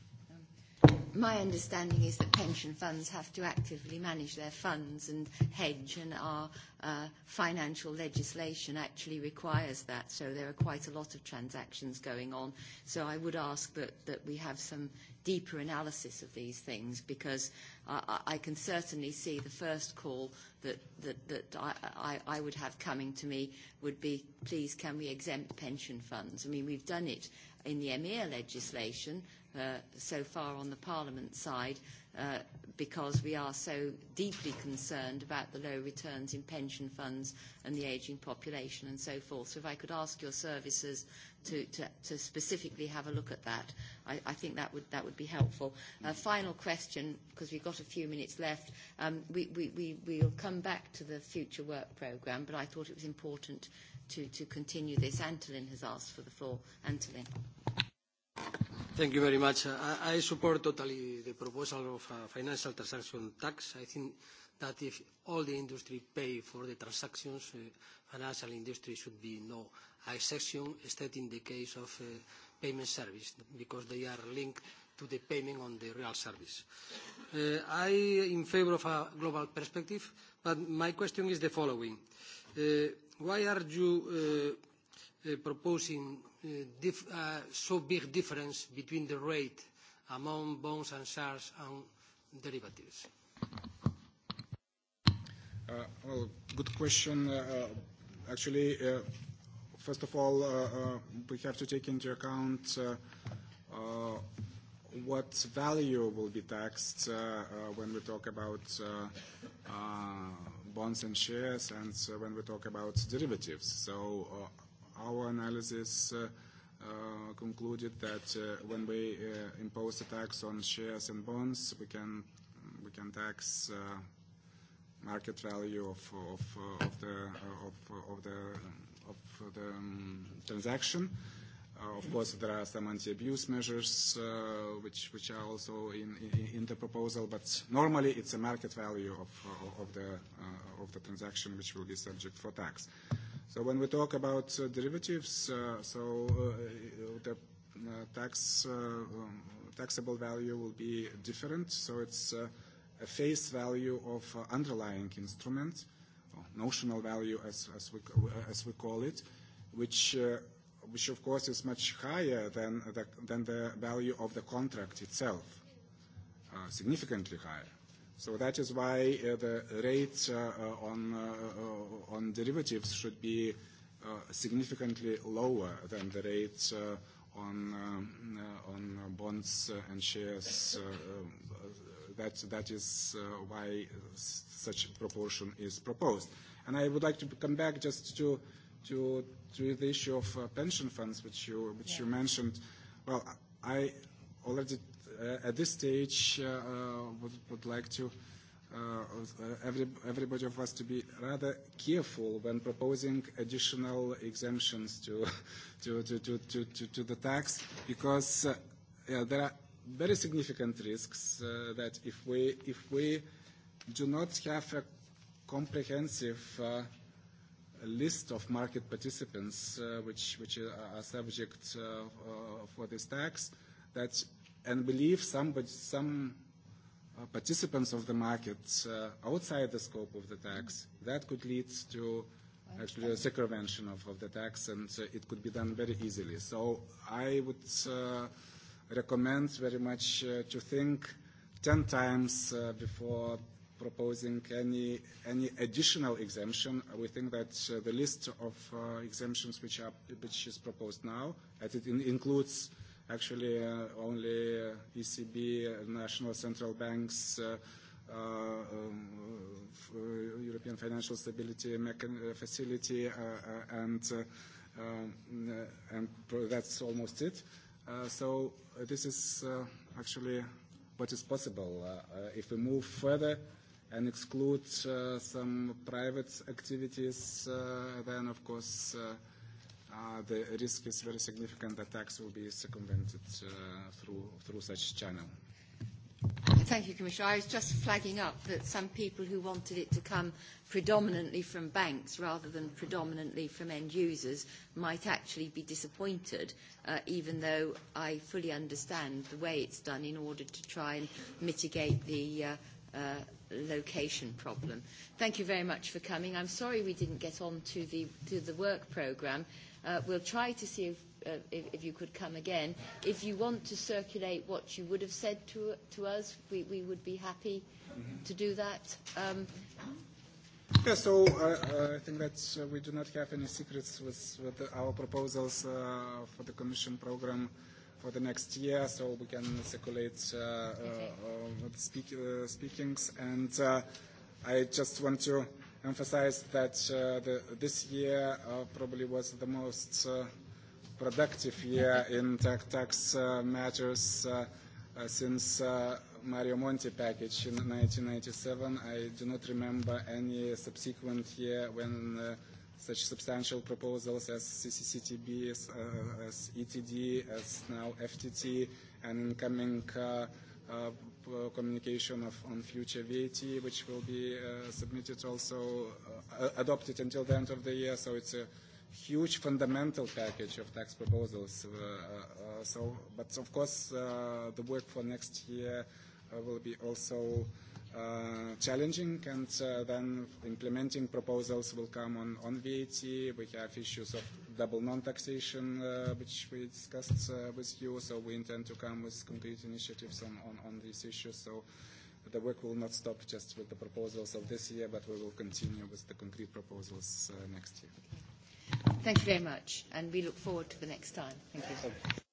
my understanding is that pension funds have to actively manage their funds and hedge, and our uh, financial legislation actually requires that. So there are quite a lot of transactions going on. So I would ask that, that we have some deeper analysis of these things because I, I can certainly see the first call that, that, that I, I I would have coming to me would be, please, can we exempt pension funds? I mean, we've done it in the EMEA legislation Uh, so far on the Parliament side uh, because we are so deeply concerned about the low returns in pension funds and the ageing population and so forth. So if I could ask your services to, to, to specifically have a look at that, I, I think that would, that would be helpful. Uh, final question, because we've got a few minutes left. Um, we, we, we, we'll come back to the future work programme, but I thought it was important to, to continue this. Antolin has asked for the floor. Antolin. Thank you very much. I, I support totally the proposal of a uh, financial transaction tax. I think that if all the industry pay for the transactions, uh, financial industry should be no exception, except in the case of uh, payment service, because they are linked to the payment on the real service. Uh, I in favor of a global perspective, but my question is the following. Uh, why are you Uh, proposing uh, uh, so big difference between the rate among bonds and shares and derivatives? Uh, well, good question. Uh, uh, actually, uh, first of all, uh, uh, we have to take into account uh, uh, what value will be taxed uh, uh, when we talk about uh, uh, bonds and shares and uh, when we talk about derivatives. So uh, our analysis uh, uh, concluded that uh, when we uh, impose a tax on shares and bonds, we can we can tax uh, market value of of uh, of the uh, of uh, of the of the um, transaction. Uh, of course, there are some anti-abuse measures uh, which which are also in, in in the proposal, but normally it's a market value of of, of the uh, of the transaction which will be subject for tax. Uh, So when we talk about uh, derivatives, uh, so uh, the uh, tax uh, um, taxable value will be different. So it's uh, a face value of uh, underlying instrument, or notional value as, as, we, as we call it, which, uh, which of course is much higher than the, than the value of the contract itself, uh, significantly higher. So that is why uh, the rates uh, uh on, uh, uh, on derivatives should be uh, significantly lower than the rates uh, on, uh, on bonds and shares. Uh, uh that, that is uh, why such proportion is proposed. And I would like to come back just to, to, to the issue of uh, pension funds, which you, which yeah. you mentioned. Well, I already Uh, at this stage, uh, uh, would, would like to uh, every, everybody of us to be rather careful when proposing additional exemptions to, to, to, to, to, to, to the tax, because uh, yeah, there are very significant risks uh, that if we, if we do not have a comprehensive uh, list of market participants uh, which, which are subject uh, uh, for this tax, that and believe some, some uh, participants of the market uh, outside the scope of the tax, that could lead to actually a circumvention of, of the tax, and uh, it could be done very easily. So I would uh, recommend very much uh, to think 10 times uh, before proposing any, any additional exemption. We think that uh, the list of uh, exemptions which, are, which is proposed now, that it in, includes uh, Actually, uh, only uh, ECB, uh, national central banks, uh, uh, um, uh, uh European Financial Stability Mechan uh, Facility, uh, uh, and, uh, um, uh, and that's almost it. Uh, so this is uh, actually what is possible. Uh, uh, if we move further and exclude uh, some private activities, uh, then of course uh, the risk is very significant that tax will be circumvented uh, through, through such channel. Thank you, Commissioner. I was just flagging up that some people who wanted it to come predominantly from banks rather than predominantly from end users might actually be disappointed, uh, even though I fully understand the way it's done in order to try and mitigate the uh, uh, location problem. Thank you very much for coming. I'm sorry we didn't get on to the, to the work programme. Uh, we'll try to see if, uh, if, if you could come again. If you want to circulate what you would have said to, to us, we, we would be happy mm-hmm. to do that. Um, Yeah, so uh, uh, I think that uh, we do not have any secrets with, with the, our proposals uh, for the Commission program for the next year, so we can circulate uh, uh okay. uh, speak, uh, speakings. And uh, I just want to emphasize that uh, the, this year uh, probably was the most uh, productive year in tax uh, matters uh, uh, since uh, Mario Monti package in 1997. I do not remember any subsequent year when uh, such substantial proposals as CCCTB, as, uh, as ETD, as now FTT, and incoming uh, uh, uh, communication of, on future VAT, which will be uh, submitted also, uh, adopted until the end of the year. So it's a huge fundamental package of tax proposals. Uh, uh, uh so, but of course, uh, the work for next year uh, will be also uh, challenging, and uh, then implementing proposals will come on, on VAT. We have issues of double non-taxation, uh, which we discussed uh, with you, so we intend to come with concrete initiatives on, on, on these issues. So the work will not stop just with the proposals of this year, but we will continue with the concrete proposals uh, next year. Thank you very much, and we look forward to the next time. Thank you. Thank you.